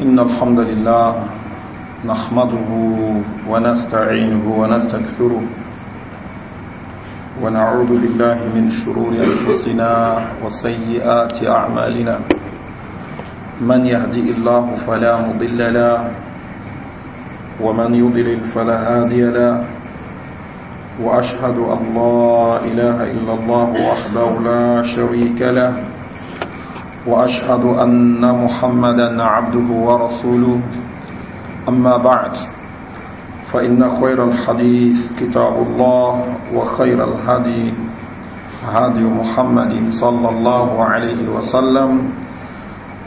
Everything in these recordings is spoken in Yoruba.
إن الحمد لله نحمده ونستعينه ونستكثره ونعوذ بالله من شرور أنفسنا وسيئات أعمالنا من يهدي الله فلا مضل له ومن يضلل فلا هادي له وأشهد أن لا إله إلا الله وحده لا شريك له واشهد ان محمدا عبده ورسوله اما بعد فان خير الحديث كتاب الله وخير الهدي هدي محمد صلى الله عليه وسلم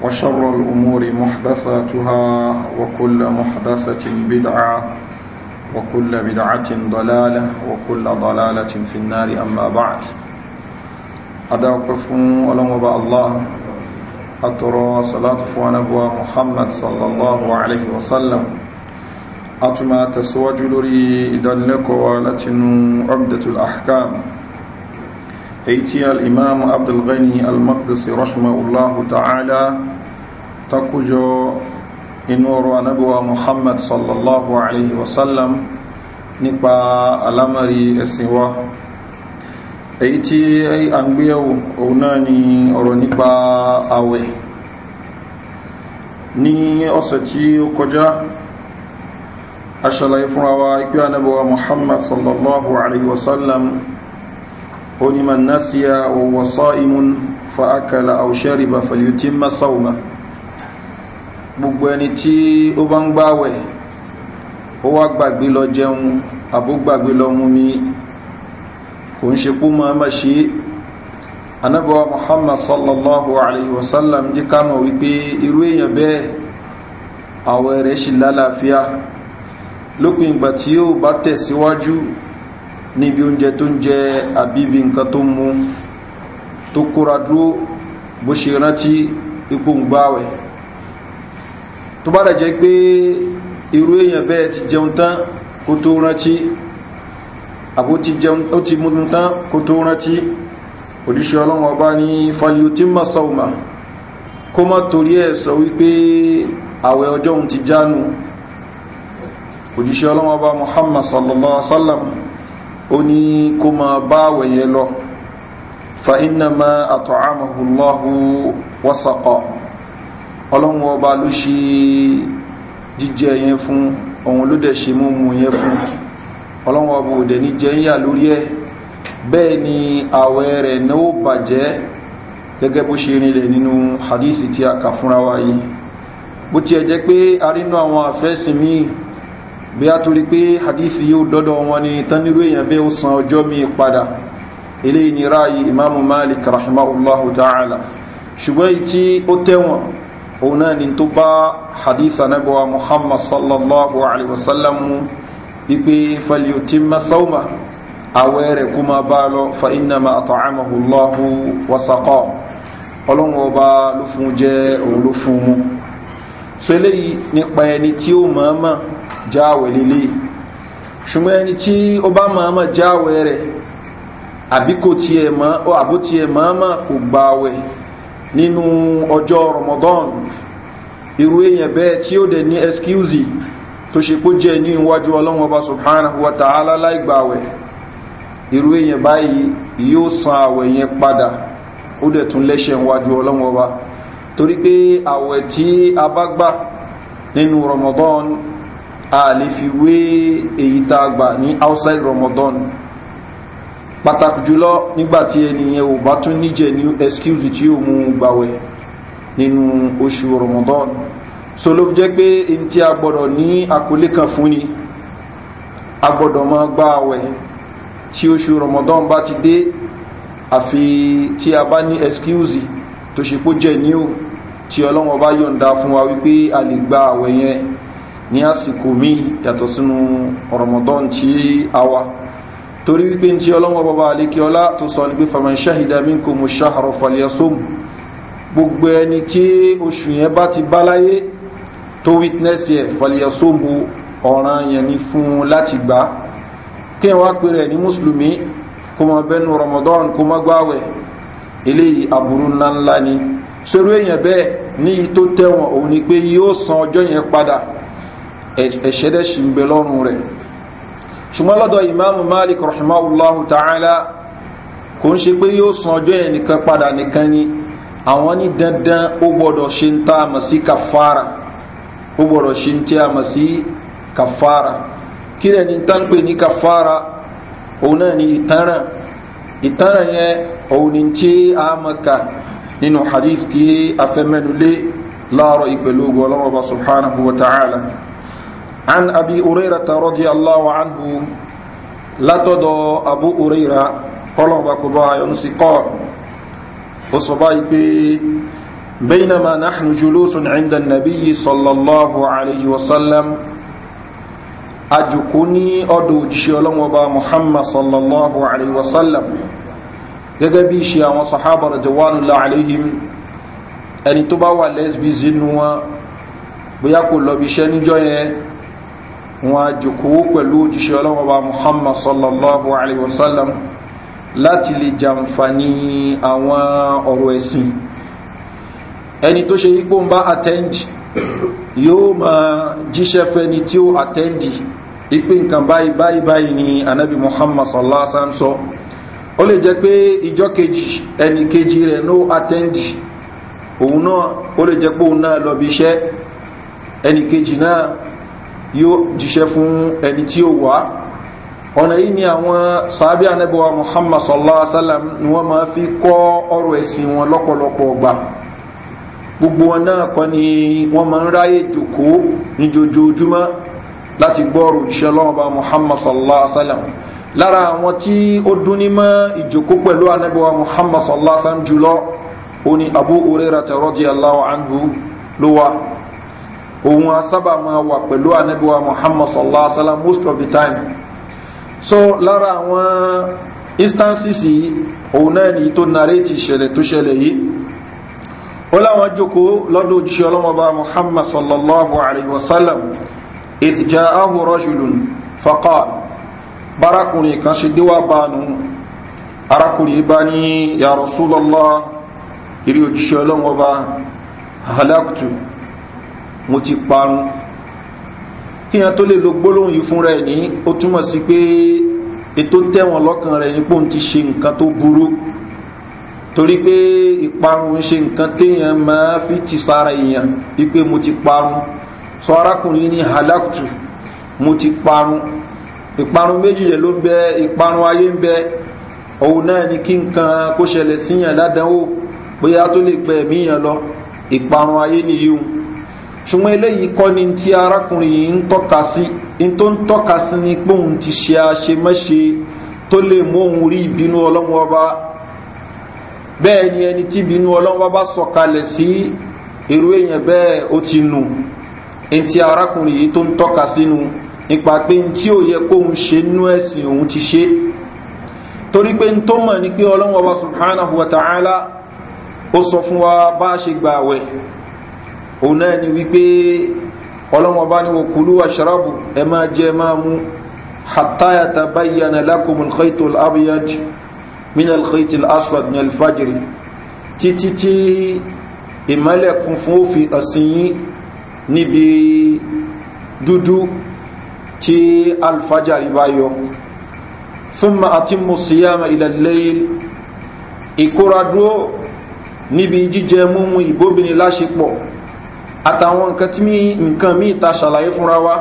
وشر الامور محدثاتها وكل محدثه بدعه وكل بدعه ضلاله وكل ضلاله في النار اما بعد ادعوكم ولم الله atọrọ salatu fún anabuwa muhammad sallallahu alayhi wa sallam a tún máa tẹ̀síwájú lórí ìdánilẹ́kọ̀ọ́ látinú abdatul ahkam èyí tí al'imam abdulghani al-maqdisi rahimahullahu ta'ala takujọ inú ọrọ̀ anabuwa muhammad sallallahu alayhi wa nípa alamari ẹ̀sìn èyí tí a ń gbéyàwó òun náà ni ọ̀rọ̀ nípa àwẹ̀ ní ọ̀sẹ̀ tí ó kọjá aṣàlàyé fún àwa ikú anábọ̀wà muhammad sallallahu alaihi wasallam onímọ̀ násíyà wọ̀wọ̀sọ́ imun fa'akala àwòṣẹ́rìbà fàlìyàtí masáwùmá gbogbo ẹni tí ó bá ń gbáwẹ̀ ó wá gbàgbé lọ jẹun àbúgbàgbé lọ mú mi kò ń ṣe kó máa ma ṣe anábọ̀wá muhammad sallallahu alayhi wa sallam jí ká mọ̀ wípé irú èèyàn bẹ́ẹ̀ àwọ̀ rẹ̀ ṣì lálàáfíà lópin ìgbà tí yóò bá tẹ̀síwájú níbi oúnjẹ tó ń jẹ àbíbi nǹkan tó mú tó kóra dúró bó ṣe rántí ipò ń gbáwẹ̀ tó bá dẹ̀ jẹ́ pé irú èèyàn bẹ́ẹ̀ ti jẹun tán kó tó rántí àbó ti jẹun ó ti mú tán kó tó rántí òdíṣẹ́ ọlọ́run ọba ní faliutimma sawma kó má torí ẹ̀ sọ wípé àwẹ̀ ọjọ́ òun ti jánu òdíṣẹ́ ọlọ́run ọba muhammad sallallahu alaihi wa sallam ó ní kó má bá àwẹ̀ yẹn lọ fa innama at'amahu Allahu wa saqahu ọlọ́run ọba ló ṣe jíjẹ yẹn fún òun ló dẹ̀ ṣe mú mu yẹn fún ọlọ́wọ́n ọba òdẹ ní jẹ́ ń yà lórí ẹ bẹ́ẹ̀ ni àwẹ̀ rẹ̀ náà ó bàjẹ́ gẹ́gẹ́ bó ṣe rinlẹ̀ nínú hadisi tí a kà fúnra wa yìí bó tiẹ̀ jẹ́ pé arínú àwọn àfẹ́sìn míì bí a torí pé hadisi yóò dọ́dọ̀ wọn ni tánirú èèyàn bẹ́ẹ̀ ó san ọjọ́ míì padà eléyìí ni ráàyè imaamu malik rahimahullahu ta'ala ṣùgbọ́n èyí tí ó tẹ̀wọ̀n òun náà ni tó bá hadisi anabiwa muhammad sallallahu alaihi wasallam mu ipe falyotima sauma awẹ rẹ̀ kó máa bá a lọ fa innama at'amahu Allahu wa saqa ọlọ́run ọba ló fún jẹ òun ló fún mu so eléyìí nípa ẹni tí ó mọ̀ọ́mọ̀ jáwẹ̀ lélẹ̀ ṣùgbọ́n ẹni tí ó bá mọ̀ọ́mọ̀ jáwẹ̀ rẹ̀ àbí kò kò gbàwẹ̀ nínú ọjọ́ Ramadan irú èèyàn bẹ́ẹ̀ tí ó dẹ̀ ní excuse tó ṣe pó jẹ́ ní iwájú ọlọ́run ọba subhanahu wa ta'ala láìgbàwẹ̀ irú èyàn báyìí yóò san àwẹ̀ yẹn padà ó dẹ̀ tún lẹ́ṣẹ̀ iwájú ọlọ́run ọba torí pé àwẹ̀ tí a bá gbà nínú ramadan a lè fi wé èyí tá a gbà ní outside ramadan pàtàkì jùlọ nígbàtí ẹnìyẹn ò bá tún níjẹ ní excuse tí ó mú gbàwẹ̀ nínú oṣù ramadan so ló fi jẹ́ pé n tí a gbọ́dọ̀ ní àkọlé kan fún ni a gbọ́dọ̀ máa gba àwẹ̀ tí oṣù ramadan bá ti dé àfi tí a bá ní excuse tó ṣe pó jẹ́ ní o tí ọlọ́wọ́n bá yọ̀ǹda fún wa wípé a lè gba àwẹ̀ yẹn ní àsìkò míì yàtọ̀ sínú ramadan tí a wà torí wípé tí ọlọ́wọ́n bàbá alékiọlá tó sọ ní pé faman shahida minkum shahra falyasum gbogbo ẹni tí oṣù yẹn bá ti bá láyé tó witness yẹ fàlìyàsóhù ọ̀ràn yẹn ni fún un láti gbà kí wọ́n pè rẹ̀ ní mùsùlùmí kó mọ bẹ́nu ramadan kó mọ gbáwẹ̀ eléyìí aburú ńláńlá ni sórí èèyàn bẹ́ẹ̀ ní i tó tẹ̀wọ̀n òun ni pé yóò san ọjọ́ yẹn padà ẹ̀ṣẹ̀dẹ̀ṣì ń bẹ lọ́rùn rẹ̀ ṣùgbọ́n lọ́dọ̀ ìmáàmù malik rahimahullahu ta'ala kò ń ṣe pé yóò san ọjọ́ yẹn nìkan padà nìkan ni àwọn ní dandan ó gbọ́dọ̀ ṣe ń tá a sí kàfàrà ó gbọ́dọ̀ ṣe ń tí a mọ̀ sí kàfàrà kí lẹ̀ ní tán pè ní kàfàrà òun náà ni ìtanràn ìtanràn yẹn òun ni tí a mọ̀ ká nínú hadith tí a fẹ́ mẹ́nu lé láàárọ̀ ìpẹ̀lú ogun ọlọ́run ọba subhanahu wa ta'ala an abi hurairah radiyallahu anhu látọ̀dọ̀ abu hurairah kọ́lọ̀ ọba kò bá ayọ̀ ń sì kọ́ ọ sọ báyìí pé بينما نحن جلوس عند النبي صلى الله عليه وسلم أجكني أدو جشيولم وبا محمد صلى الله عليه وسلم gẹ́gẹ́bí ṣe àwọn sahaba rẹ̀dẹ̀wánu láàrín ẹni tó bá wà lẹ́sbí sínú wọn bóyá kò lọ́bi iṣẹ́ níjọ́ yẹn wọn a jòkówó pẹ̀lú òjíṣẹ́ ọlọ́wọ́ bá muhammad sallallahu alaihi wasallam láti lè jàǹfààní àwọn ọ̀rọ̀ ẹ̀sìn ẹni tó ṣe ipò ń bá attend yóò ma jíṣẹ́ fẹ́ni tí ó attend ipe nǹkan báyìí báyìí báyìí ni anabi muhammad sallallahu alaihi wasallam sọ ó lè jẹ́ pé ìjọ kejì ẹni kejì rẹ̀ no attend òun náà ó lè jẹ́ pé òun náà lọ bí iṣẹ́ ẹni kejì náà yóò jíṣẹ́ fún ẹni tí ó wà ọ̀nà yìí ni àwọn sàábí anabi wa muhammad sallallahu alaihi wasallam ni wọ́n máa fi kọ́ ọ̀rọ̀ ẹ̀sìn wọn lọ́pọ̀lọpọ̀ gbà gbogbo wọn náà kan ni wọ́n máa ń ráyè jòkó ní jojoojúmọ́ láti gbọ́rò òjíṣẹ́ lọ́wọ́ba muhammad sallallahu alaihi wa sallam lára àwọn tí ó dún ní mọ́ ìjòkó pẹ̀lú anábíwá muhammad sallallahu alaihi wa sallam jùlọ ó ní abu orera tẹ̀rọ́dì aláwọ̀ anhu ló wà òun a máa wà pẹ̀lú anábíwá muhammad sallallahu alaihi wa sallam most of the time so lára àwọn instances yìí òun náà ní tó narrate ìṣẹ̀lẹ̀ tó ṣẹlẹ̀ yìí ó láwọn jókòó lọ́dọ̀ òjíṣẹ́ ọlọ́mọba muhammad sallallahu alayhi wa sallam ìtìjà ahùrọ̀ ṣùlùn faqal bárakùnrin kan ṣe déwà bánu arákùnrin bá ní ya rasulallah kiri òjíṣẹ́ ọlọ́mọba halaktu mo ti parun kí yẹn tó lè lo gbólóhùn yìí fúnra ẹ̀ ní ó túmọ̀ sí pé ètò tẹ̀wọ̀n lọ́kàn rẹ̀ ní pé òun ti ṣe nǹkan tó burú torí pé ìparun ń ṣe nǹkan téèyàn máa fi ti sára èèyàn wípé mo ti parun sọ arákùnrin ní halakutu mo ti parun ìparun méjì rẹ̀ ló ń bẹ ìparun ayé ń bẹ òun náà ni kí nǹkan kó ṣẹlẹ̀ síyàn ládánwò bóyá tó lè pẹ́ míyàn lọ ìparun ayé nìyíhun ṣùgbọ́n eléyìí kọ́ ni tí arákùnrin yìí ń tọ́ka sí in tó ń tọ́ka sí ni pé òun ti ṣe àṣemáṣe tó lè mú òun rí ìbínú ọlọ́run bẹ́ẹ̀ ni ẹni tí bínú ọlọ́run bá sọ̀kalẹ̀ sí irú èèyàn bẹ́ẹ̀ ó ti nù ẹni tí arákùnrin yìí tó ń tọ́ka sínú nípa pé ní tí ò yẹ kóun ṣe nú ẹ̀sìn òun ti ṣe torí pé ní tó mọ̀ ni pé ọlọ́run ọba subhanahu wa ta'ala ó sọ fún wa bá a ṣe gba àwẹ̀ òun náà ni wípé ọlọ́run ọba ni wọ́n kúlú àṣàràbù ẹ máa jẹ máa mú hatta yatabayyana lakumul khaytul abyad minal khaytil aswad minal fajiri títí tí ìmọ́lẹ̀ funfun ó fi ọ̀sìn yín níbi dúdú tí alfajari bá yọ thumma atimmu siyama ilal layl ìkóradúró níbi jíjẹ múmu ìbóbìnrin láṣepọ̀ àtàwọn nǹkan tí nǹkan míì ta ṣàlàyé fúnra wa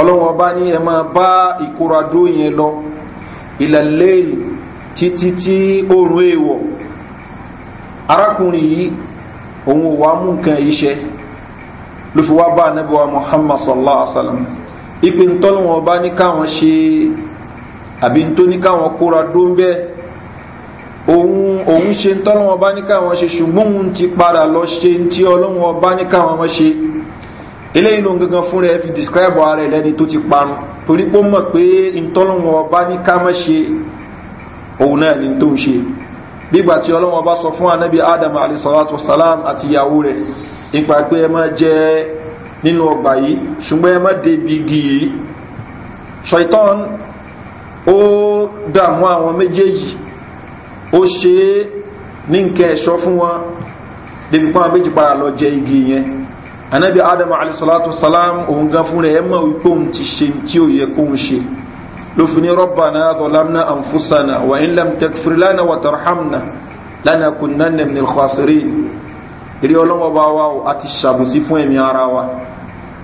ọlọ́wọ́ bá ní ẹ máa bá ìkóradúró yẹn lọ ilal títí tí oòrùn èèwọ̀ arákùnrin yìí òun ò wá mú nǹkan yìí ló fi wá bá anábíwá muhammad sallallahu alaihi wa sallam ìpè ntọ́lùwọ̀n bá ní káwọn ṣe àbí ntóní káwọn kóra dóńbẹ́ òun òun ṣe ntọ́lùwọ̀n bá ní káwọn ṣe ṣùgbọ́n òun ti padà lọ ṣe ntí ọlọ́wọ̀n bá ní káwọn ọmọ ṣe eléyìí ló gangan fún rẹ fi describe ara rẹ lẹni tó ti parun torí pé ó mọ̀ pé ntọ́lùwọ̀n bá ní ká ṣe òun náà ni tó ń ṣe bígbà tí ọlọ́wọ́n bá sọ fún anábì adam alisalatu salam àti ìyàwó rẹ̀ ipa pé ẹ máa jẹ nínú ọgbà yìí ṣùgbọ́n ẹ máa débi igi yìí ṣaitan ó dààmú àwọn méjèèjì ó ṣe é ní nǹkan ẹ̀ṣọ́ fún wọn débi pọ́n méjì padà lọ jẹ igi yẹn anábì adam alisalatu salam òun gan fún rẹ̀ ẹ mọ̀ wípé òun ti ṣe tí ó yẹ kóun ṣe lófin rabbana zalamna anfusana wa in lam takfir lana wa tarhamna lanakunanna minal khasirin eré ọlọ́wọ́ bá wa o a ti ṣàbùsí fún ẹ̀mí ara wa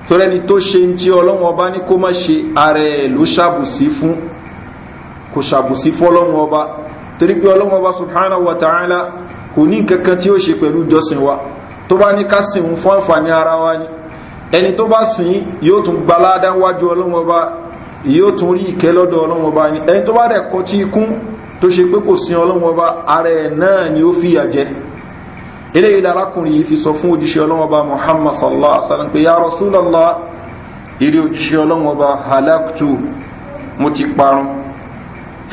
torí ẹni tó ṣe ń tí ọlọ́wọ́ bá ní kó má ṣe ara ẹ̀ ló ṣàbùsí fún kò ṣàbùsí fọ́lọ́wọ́ bá torí pé ọlọ́wọ́ bá subhanahu wa ta'ala kò ní kankan tí ó ṣe pẹ̀lú ìjọsìn wa tó bá ní ká sìn fún àǹfààní ara wa ni ẹni tó bá sìn yóò tún gbaládá wájú ọlọ́wọ́ bá yóò tún rí ìkẹ́ lọ́dọ̀ ọlọ́run ọba ni ẹni tó bá rẹ̀ kọ́ tí ikún tó ṣe pé kò sin ọlọ́run ọba ara ẹ̀ náà ni ó fìyà jẹ eléyìí lárakùnrin yìí fi sọ fún òjíṣẹ́ ọlọ́run ọba muhammad sallallahu alaihi wa sallam pé ya rasulallah eré òjíṣẹ́ ọlọ́run ọba halaktu mo ti parun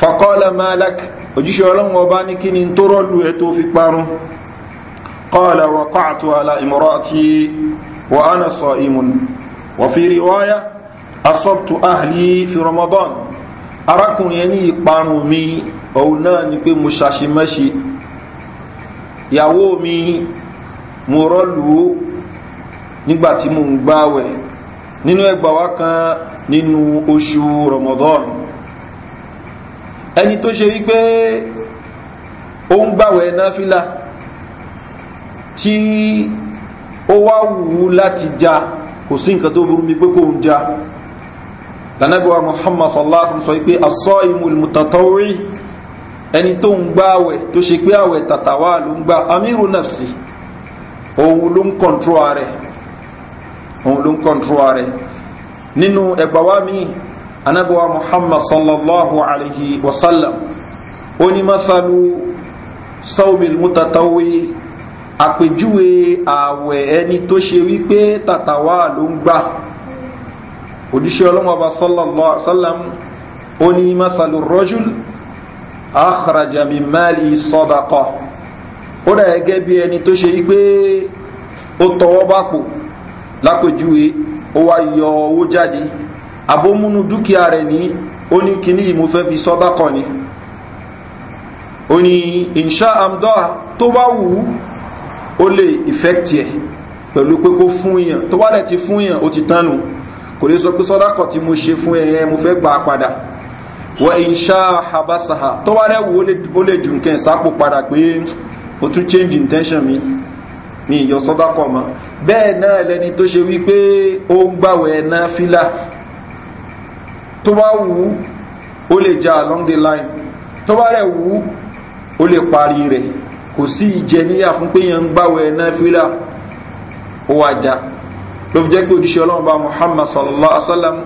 fakọ́lá malak òjíṣẹ́ ọlọ́run ọba ní kí ni tó rọ́lù ẹ̀ tó fi parun kọ́lá wa kọ́ àtúwàlá ìmọ̀rọ̀ àti wa sọ ìmùn wà fi rí wáyà asọ́pùtù ahìlì fi ramadan arákùnrin ẹni ìparun mi òun náà ni pé mo ṣàṣemẹ́ṣe ìyàwó mi mo rọ́lù nígbà tí mo ń gbáwẹ̀ nínú ẹgbà wá kan nínú oṣù ramadan ẹni tó ṣe wípé ó ń gbàwẹ̀ náfílà tí ó wá wù ú láti ja kò sí nǹkan tó burú mi pé kò ń ja lànàbíwá muhammad sallallahu alaihi wasallam sọ pé asọ́ imul mutatawri ẹni tó ń gbá àwẹ̀ tó ṣe pé àwẹ̀ tàtàwà ló ń gbá amiru nafsi òun ló ń kọ̀ntró ààrẹ òun ló ń kọ̀ntró ààrẹ nínú ẹgbàwá mi anábíwá muhammad sallallahu alaihi wasallam ó ní masalu àpèjúwe àwẹ̀ ẹni tó ṣe wípé tàtàwà ló ń gbá òjíṣẹ́ ọlọ́mọba sallam ó ní masalu rọ́júl akhrajami mali sọ́dakọ́ ó dà gẹ́gẹ́ bí ẹni tó ṣe pé ó tọwọ́ bá pò lápèjúwe ó wá yọ owó jáde àbómúnú dúkìá rẹ̀ ní ó ní kíní yìí mo fẹ́ fi sọ́dakọ́ ni ó ní inṣá amdọ́ tó bá wù ú ó lè ìfẹ́kìtì ẹ̀ pẹ̀lú pé kó fún yàn tó bá ti fún yàn ó ti tánu kò lè sọ pé sọ́dákọ̀ tí mo ṣe fún ẹ̀yẹn mo fẹ́ gbà padà wọ ìṣá àbáṣáhà tó bá rẹ̀ wò ó lè jù nǹkan ìsápò padà pé o tún change intention mi mi ìyọ sọ́dákọ̀ mọ́ bẹ́ẹ̀ náà lẹni tó ṣe wípé ó ń gbàwẹ̀ náà fílà tó bá wù ú ó lè ja along the line tó bá rẹ̀ wù ú ó lè parí rẹ̀ kò sí ìjẹníyà fún pé yẹn ń gbàwẹ̀ náà fílà ó wá ja ló fi jẹ́ pé òjíṣẹ́ ọlọ́run bá muhammad sallallahu alaihi wa sallam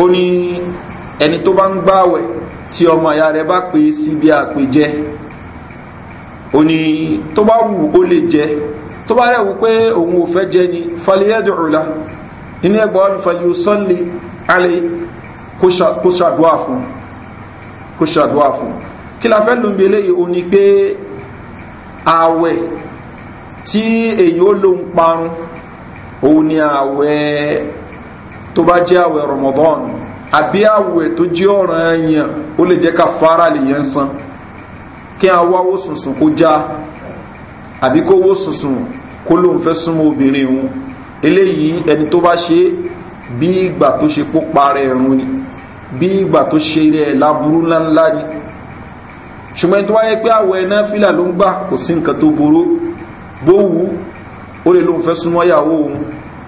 ó ní ẹni tó bá ń gbààwẹ̀ tí ọmọ ìyá rẹ̀ bá pè é síbi àpèjẹ ó ní tó bá wù ó lè jẹ tó bá rẹ̀ wù pé òun ò fẹ́ jẹ ni faliyad'u la nínú ẹgbẹ́ wa mi falyusalli alẹ́ kó ṣàdúà fún kó ṣàdúà fún kí la fẹ́ ló ń bi eléyìí ó ní pé ààwẹ̀ tí èyí ó lóun parun òun ni àwẹ̀ tó bá jẹ́ àwẹ̀ Ramadan àbí àwẹ̀ tó jẹ́ ọ̀ranyàn ó lè jẹ́ ká fara lè yẹn san kí a wáwó sùnsùn kó já àbí kó wó sùnsùn kó lóun fẹ́ súnmọ́ obìnrin òun eléyìí ẹni tó bá ṣe bí ìgbà tó ṣe kó parẹ́ ẹ̀rùn ni bí ìgbà tó ṣe rẹ̀ láburú ńláńlá ni ṣùgbọ́n ẹni tó wáyé pé àwẹ̀ náfìlà ló ń gbà kò sí nǹkan tó burú bó wù ó lè lóun fẹ́ súnmọ́ ìyàwó òun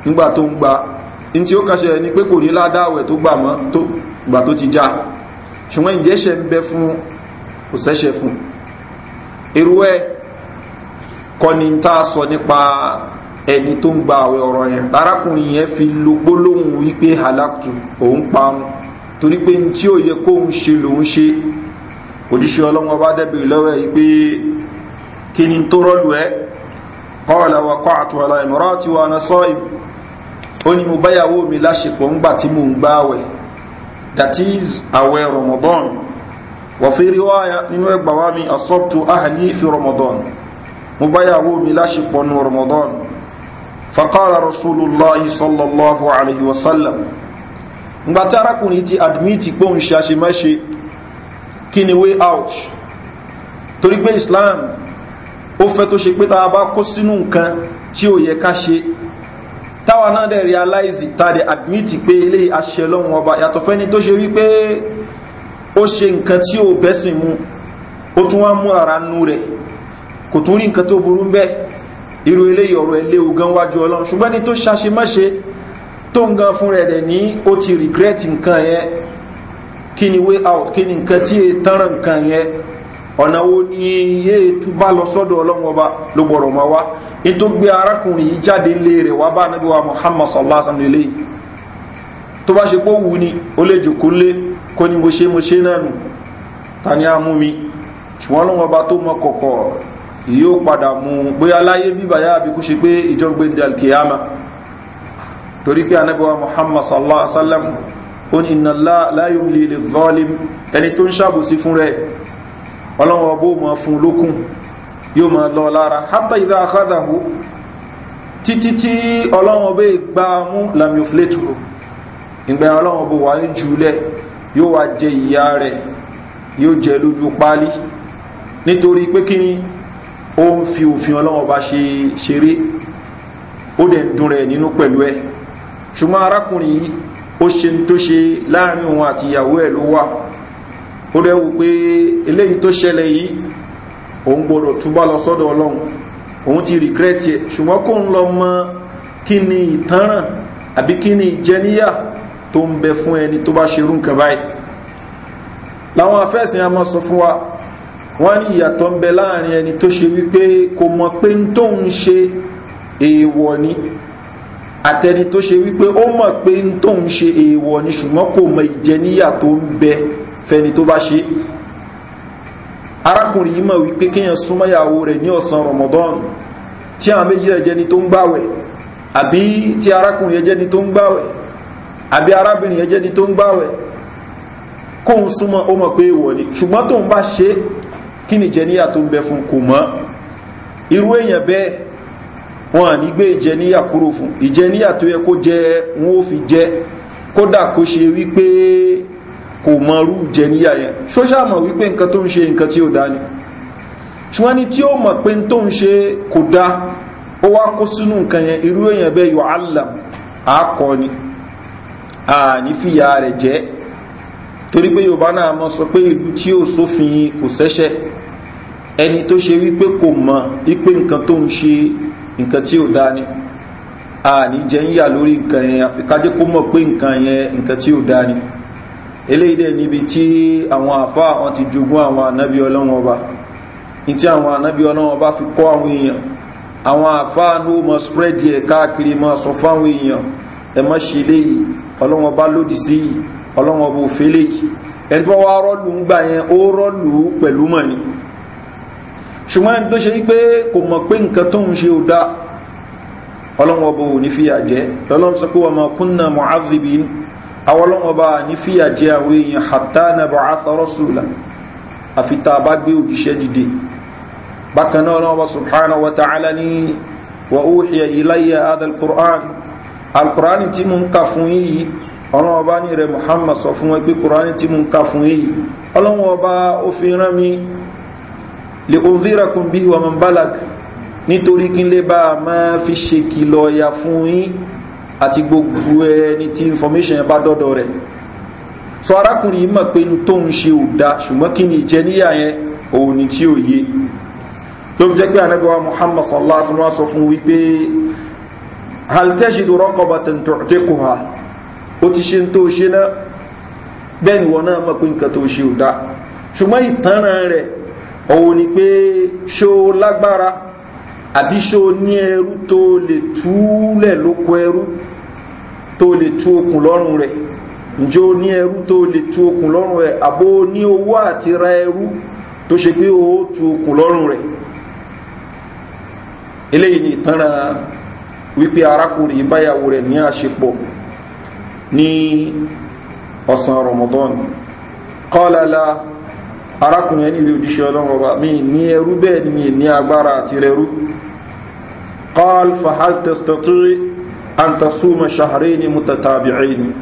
nígbà tó ń gba ní tí ó kàṣẹ ni pé kò ní ládàáwẹ̀ tó gbà mọ́ tó gbà tó ti já ṣùgbọ́n ìjẹ́ṣẹ̀ ń bẹ fún kò sẹ́ṣẹ̀ fún irú ẹ̀ kọ́ ni tá a sọ nípa ẹni tó ń gba àwẹ̀ ọ̀rọ̀ yẹn arákùnrin yẹn fi lo gbólóhùn wípé halaktu òun parun torí pé ní tí ó yẹ kóun ṣe lòun ṣe òjíṣẹ́ ọlọ́wọ́ bá dẹ́bi lọ́wọ́ yìí pé kí ni tó rọ́lù ẹ́ qala waqa'tu ala imrati wa ana sa'im ó ní mo báyàwó mi láṣepọ̀ ńgbà tí mò ń gbá àwẹ̀ that is àwẹ̀ Ramadan wa fi riwaya nínú ẹgbà wa mi asabtu ahli fi Ramadan mo báyàwó mi láṣepọ̀ nù Ramadan faqala Rasulullahi sallallahu alayhi wa sallam ńgbà tí arákùnrin ti admit pé òun ṣe àṣemáṣe kí ni way out torí pé Islam ó fẹ́ tó ṣe pé tá a bá kó sínú nǹkan tí ó yẹ ká ṣe táwa náà dẹ̀ realize tàdé admit pé eléyìí aṣẹ lọ́wọ́n ọba yàtọ̀ fẹ́ni tó ṣe wípé ó ṣe nǹkan tí ò bẹ́sìn mu ó tún wá mú ara nu rẹ̀ kò tún rí nǹkan tó burú ń bẹ́ẹ̀ irú eléyìí ọ̀rọ̀ ẹléwu gan wájú ọlọ́run ṣùgbọ́n ní tó ṣaṣemáṣe tó ń gan fún rẹ̀ ní ó ti regret nǹkan yẹn kí ni way out kí ni nǹkan tí è e tánràn nǹkan yẹn ọ̀nà wo ni yéé túbá lọ sọ́dọ̀ ọlọ́run ọba ló gbọ́dọ̀ máa wá ní tó gbé arákùnrin yìí jáde lé rẹ̀ wá bá anábí wa muhammad sallallahu alaihi wa sallam lélẹ́yìí tó bá ṣe pé ó wù ni ó lè jòkó lé kó ni mo ṣe mo ṣe náà nù ta ni a mú mi ṣùgbọ́n ọlọ́run ọba tó mọ kọ̀kọ̀ yóò padà mú bóyá láyé bíbáyá àbí kó ṣe pé ìjọba ndel kìyàmá torí pé anábíwá muhammad sallallahu alaihi wa sallam ó ní ìnàlá láyùm lílì zọ́ọ̀lìm ẹni tó ń ṣàbòsí fún rẹ̀ ọlọ́wọ́ bó mọ fún lókun yóò mọ lọ lára hatta idha akhadahu títí tí ọlọ́wọ́ bó gbá mú lamufletu ìgbà ọlọ́wọ́ bó wà ní jùlẹ̀ yóò wá jẹ ìyá rẹ̀ yóò jẹ lójú páálí nítorí pé kí ni ó ń fi òfin ọlọ́wọ́ bá ṣe ṣeré ó dẹ̀ ń dùn rẹ̀ nínú pẹ̀lú ẹ̀ ṣùgbọ́n arákùnrin yìí ó ṣe tó ṣe láàrin òun àti ìyàwó ẹ̀ ló wà ó rẹ̀ wò pé eléyìí tó ṣẹlẹ̀ yìí òun gbọ́dọ̀ túbọ̀ lọ sọ́dọ̀ ọlọ́run òun ti regret yẹ ṣùgbọ́n kó ń lọ mọ kí ni ìtanràn àbí kí ni ìjẹníyà tó ń bẹ fún ẹni tó bá ṣerú nǹkan báyìí láwọn afẹ́sìn a mọ́ sọ fún wa wọ́n ní ìyàtọ̀ ń bẹ láàrin ẹni tó ṣe wípé kò mọ̀ pé ń tó ń ṣe èèwọ̀ ni àtẹni tó ṣe wípé ó mọ̀ pé ń tó ń ṣe èèwọ̀ ni ṣùgbọ́n kò mọ ìjẹníyà tó ń bẹ fẹ́ni tó bá ṣe arákùnrin yìí mọ̀ wípé kéèyàn súnmọ́yàwó rẹ̀ ní ọ̀sán ramadan tí àwọn méjì rẹ̀ jẹni tó ń gbàwẹ̀ àbí tí arákùnrin yẹn jẹni tó ń gbàwẹ̀ àbí arábìnrin yẹn jẹni tó ń gbàwẹ̀ kóun súnmọ́ ó mọ̀ pé èèwọ̀ ni ṣùgbọ́n tóun bá ṣe kí ni jẹníyà tó ń bẹ fún kò mọ́ irú èèyàn bẹ́ẹ̀ wọn ní gbé ìjẹníyà kúrò fún ìjẹníyà tó yẹ kó jẹ wọn ò fi jẹ kódà kó ṣe wípé kò mọ rú jẹ níyà yẹn ṣóṣà mọ̀ wípé nǹkan tó ń ṣe nǹkan tí ó dá ni ṣùgbọ́n ni tí ó mọ̀ pé n tó ń ṣe kò dá ó wá kó sínú nǹkan yẹn irú èèyàn bẹ́ẹ̀ yọ alam àkọ́ ni àní fìyà rẹ̀ jẹ́ torí pé yorùbá náà mọ sọ pé ìlú tí ó sófin kò sẹ́sẹ́ ẹni tó ṣe wípé kò mọ wípé nǹkan tó ń ṣe nǹkan tí ò dáa ni àní jẹ́ ń yà lórí nǹkan yẹn àfi kó mọ̀ pé nǹkan yẹn nǹkan tí ò dáa ni eléyìí dẹ̀ níbi tí àwọn àfá àwọn ti jogún àwọn anábí ọlọ́wọ́n ọba ní tí àwọn anábí ọlọ́wọ́n ọba fi kọ́ àwọn èèyàn àwọn àfá ní ó mọ spread ẹ̀ káàkiri mọ sọ fáwọn èèyàn ẹ mọ ṣe léyìí ọlọ́wọ́n ọba lòdì sí yìí ọlọ́wọ́n ọba òfé léyìí ẹni tó wá rọ́ọ̀lù ń gbà yẹn ó rọ́ọ̀lù pẹ̀lú mọ̀ ni ṣùgbọ́n tó ṣe wípé kò mọ̀ pé nǹkan tó ń ṣe ò dáa ọlọ́wọ́n ọba ò ní fìyà jẹ́ lọ́lọ́run sọ pé wọ́n mọ̀ kúnnà mọ̀ àwọn ọlọ́wọ́n bá ní fìyà jẹ àwọn èèyàn hatta nab'atha rasula àfi tá a bá gbé òjíṣẹ́ dìde bákan náà ọlọ́wọ́n bá subhanahu wa ta'ala ní wa uhiya ilayya adal qur'an alquran tí mo ń ka fún yìí ọlọ́wọ́n bá ní rẹ̀ muhammad sọ fún wọn pé quran tí mo ka fún yìí ọlọ́wọ́n bá ó fi rán mi li unzirakum wa man balag nítorí kí n lè bá fi ṣèkìlọ̀ ọ̀yà fún yín àti gbogbo ẹni tí information yẹn bá dọ́dọ̀ rẹ̀ sọ arákùnrin yìí mọ̀ pé ní tó ń ṣe ò ṣùgbọ́n kí ni ìjẹníyà yẹn òun ni tí ò yé ló fi jẹ́ pé anábíwá muhammad sallallahu alaihi wa sọ fún wípé haltẹ́ṣìdò rọ́kọ̀bà tẹ̀ntọ̀tẹ́kù ha ó ti ṣe tó ṣe náà bẹ́ẹ̀ ni wọ́n náà mọ̀ pé nǹkan tó ṣe ò ṣùgbọ́n ìtanràn rẹ̀ òun ni pé ṣó lágbára àbí ṣe o ní ẹrú tó lè túlẹ̀ lóko ẹrú tó lè tú okùn lọ́rùn rẹ̀ ǹjẹ́ o ní ẹrú tó lè tú okùn lọ́rùn rẹ̀ àbó o ní owó àti ra ẹrú tó ṣe pé o tú okùn lọ́rùn rẹ̀ ni ìtanra wípé arákùnrin ìbáyàwó rẹ̀ ní àṣepọ̀ ní ọ̀sán ramadan kọ́lala arákùnrin ẹni mi ní ẹrú bẹ́ẹ̀ ni mi ní agbára قال فهل تستطيع أن تصوم شهرين متتابعين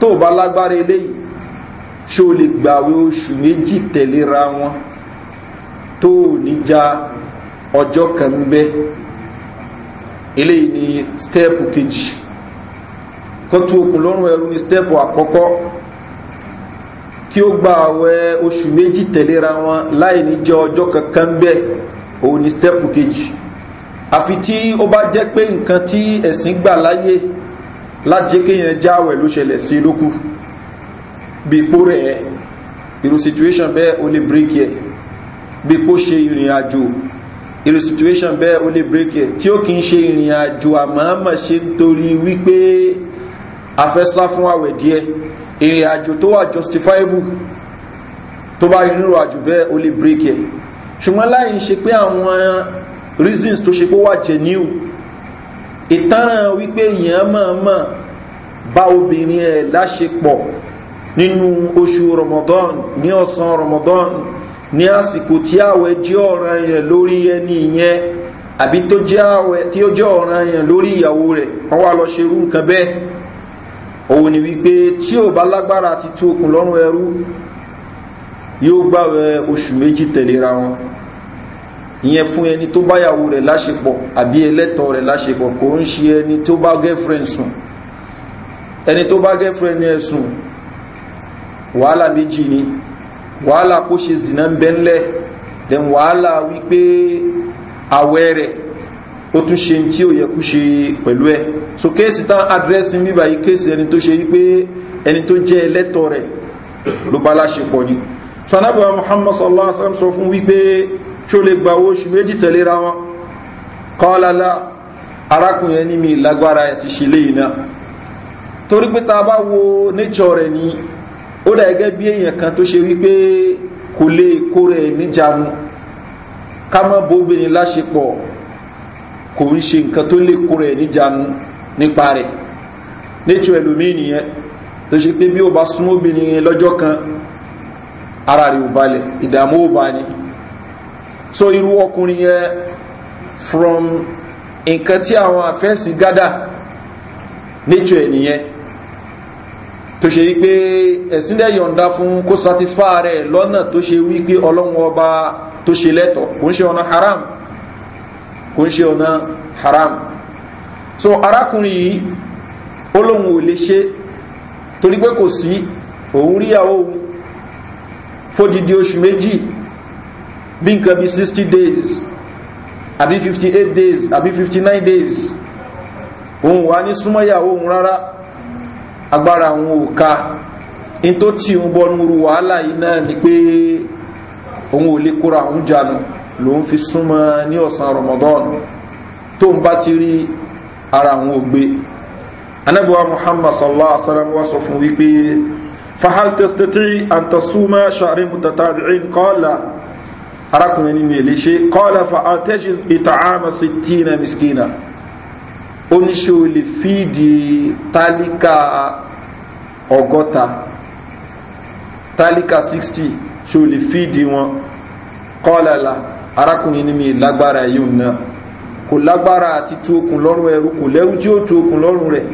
tó bá lágbára eléyìí ṣó lè gbàwé oṣù méjì tẹ̀léra wọn tó níjà ọjọ́ kan bẹ́ eléyìí ni stẹ́ẹ̀pù kejì kọ́tù okùn lọ́rùn ẹrú ni stẹ́ẹ̀pù àkọ́kọ́ kí ó gba àwẹ oṣù méjì tẹ̀léra wọn láì ní jẹ́ ọjọ́ kankan bẹ́ẹ̀ òun ni stẹ́ẹ̀pù kejì àfi tí ó bá jẹ́ pé nǹkan tí ẹ̀sìn gbà láyé lájẹ́ kéèyàn jáwẹ̀ ló ṣẹlẹ̀ sí lókù bí ipò rẹ̀ irú situation bẹ́ẹ̀ ó lè break yẹ bí ipò ṣe ìrìn àjò irú situation bẹ́ẹ̀ ó lè break yẹ tí ó kì í ṣe ìrìn àjò àmọ́ọ́mọ́ ṣe nítorí wípé afẹ́sá fún àwẹ̀ díẹ̀ ìrìn àjò tó wà justifiable tó bá rí nírò àjò bẹ́ẹ̀ ó lè break yẹ ṣùgbọ́n láì ṣe pé àwọn reasons tó ṣe pé wà genuine ìtanràn wípé èèyàn mọ̀ọ́mọ̀ bá obìnrin ẹ̀ láṣepọ̀ nínú oṣù ramadan ní ọ̀sán ramadan ní àsìkò tí àwẹ̀ jẹ́ ọ̀ràn yẹn lórí ẹni ìyẹn àbí tó jẹ́ àwẹ̀ tí ó jẹ́ ọ̀ràn yẹn lórí ìyàwó rẹ̀ wọ́n wá lọ ṣerú nǹkan bẹ́ẹ̀ òun ni wípé tí ò bá lágbára àti tú okùn lọ́rùn ẹrú yóò gbàwẹ̀ oṣù méjì tẹ̀léra wọn ìyẹn fún ẹni tó bá yàwó rẹ̀ láṣepọ̀ àbí ẹlẹ́tọ̀ rẹ̀ láṣepọ̀ kò ń ṣe ẹni tó bá girlfriend sùn ẹni tó bá girlfriend ẹ̀ sùn wàhálà méjì ni wàhálà kó ṣe zìnà ń bẹ́ńlẹ̀ then wàhálà wípé àwẹ̀ rẹ̀ ó tún ṣe tí ó yẹ kú ṣe pẹ̀lú ẹ̀ so kéèsì tán àdírẹ́sì bíbá yìí kéèsì ẹni tó ṣe wípé ẹni tó jẹ́ ẹlẹ́tọ̀ rẹ̀ ló bá láṣepọ̀ ni sanabu muhammad sallallahu alaihi wa sallam sọ fún wípé ṣó lè gba owó oṣù méjì tẹ̀léra wọn kọ́lálá arákùnrin ẹni mi lágbára ẹ̀ ti ṣe léyìn náà torí pé ta bá wo nature rẹ̀ ni ó dà gẹ́gẹ́ bí èèyàn kan tó ṣe wípé kò lè kó rẹ̀ níjànú ká mọ́ bóbìnrin láṣepọ̀ kò ń ṣe nǹkan tó lè kó rẹ̀ níjànú nípa rẹ̀ nature ẹlòmíì nìyẹn tó ṣe pé bí ó bá súnmọ́ obìnrin lọ́jọ́ kan ara rẹ̀ ò balẹ̀ ìdààmú ò bá ni so irú ọkùnrin yẹn from nǹkan tí àwọn afẹ́sìn gádà nature ẹ̀ nìyẹn tó ṣe wípé ẹ̀sìn dẹ̀ yọ̀ǹda fún kó satisfy rẹ̀ lọ́nà tó ṣe wípé ọlọ́run ọba tó ṣe lẹ́tọ̀ kò ń ṣe ọ̀nà haram kò ń ṣe ọ̀nà haram so arákùnrin yìí ó lóun ò lè ṣe torí pé kò sí òun ríyàwó fódìdí oṣù méjì bí nǹkan bí sixty days àbí fifty eight days àbí fifty nine days òun wà ní súnmọ́yàwó òun rárá agbára òun ò ka in tó tì òun bọ́ nuru wàhálà yìí náà ni pé òun ò lè kóra òun jánu lòun fi súnmọ́ ní ọ̀sán Ramadan tó ń bá ti rí ara òun ò gbé anabiwa Muhammad sallallahu alaihi wa sallam wá sọ fún wípé fahal tastati an tasuma shahrin mutatabi'in qala arákùnrin nínú èlé ṣe kọ́lá fa atẹ́ṣin ìtààmà sí tìǹà mìskínà oníṣẹ́ ò lè fíìdì tálíkà ọgọ́ta tálíkà 60 ṣe ò lè fíìdì wọn kọ́lá la arákùnrin nínú ìlágbára yìí náà kò lágbára àti tú okùn lọ́rùn ẹrú kò lẹ́rú tí ó tú okùn lọ́rùn rẹ̀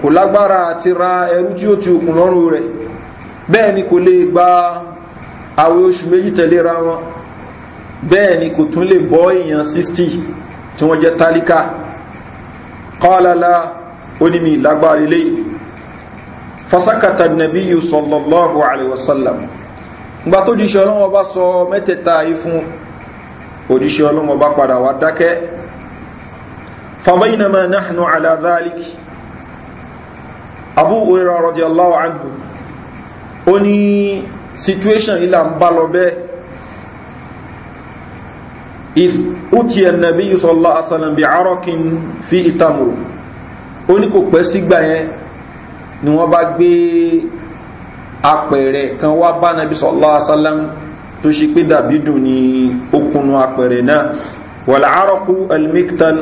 kò lágbára àti ra ẹrú tí ó tú okùn lọ́rùn rẹ̀ bẹ́ẹ̀ ni kò lè gba àwẹ̀ oṣù méjì tẹ̀léra wọn bẹ́ẹ̀ ni kò tún lè bọ́ èèyàn 60 tí wọ́n jẹ́ tálíkà kọ́lálá onímì lágbàrí lè fasakata nàbí yìí sọlọ́lọ́rù àríwọ̀sálàm gbà tó jíṣẹ́ ọlọ́wọ́ bá sọ mẹ́tẹ̀ta yìí fún òjíṣẹ́ ọlọ́wọ́ bá padà wá dákẹ́ situation ìlà ń bá is uti anabi sallallahu alaihi wasallam bi arakin fi itamuru ó ní kò pẹ́ sígbà yẹn ni wọ́n bá gbé apẹ̀rẹ̀ kan wá bá anabi sallallahu alaihi wasallam tó ṣe pé dàbí dùn ní okùnù apẹ̀rẹ̀ náà wàlá araku almiktan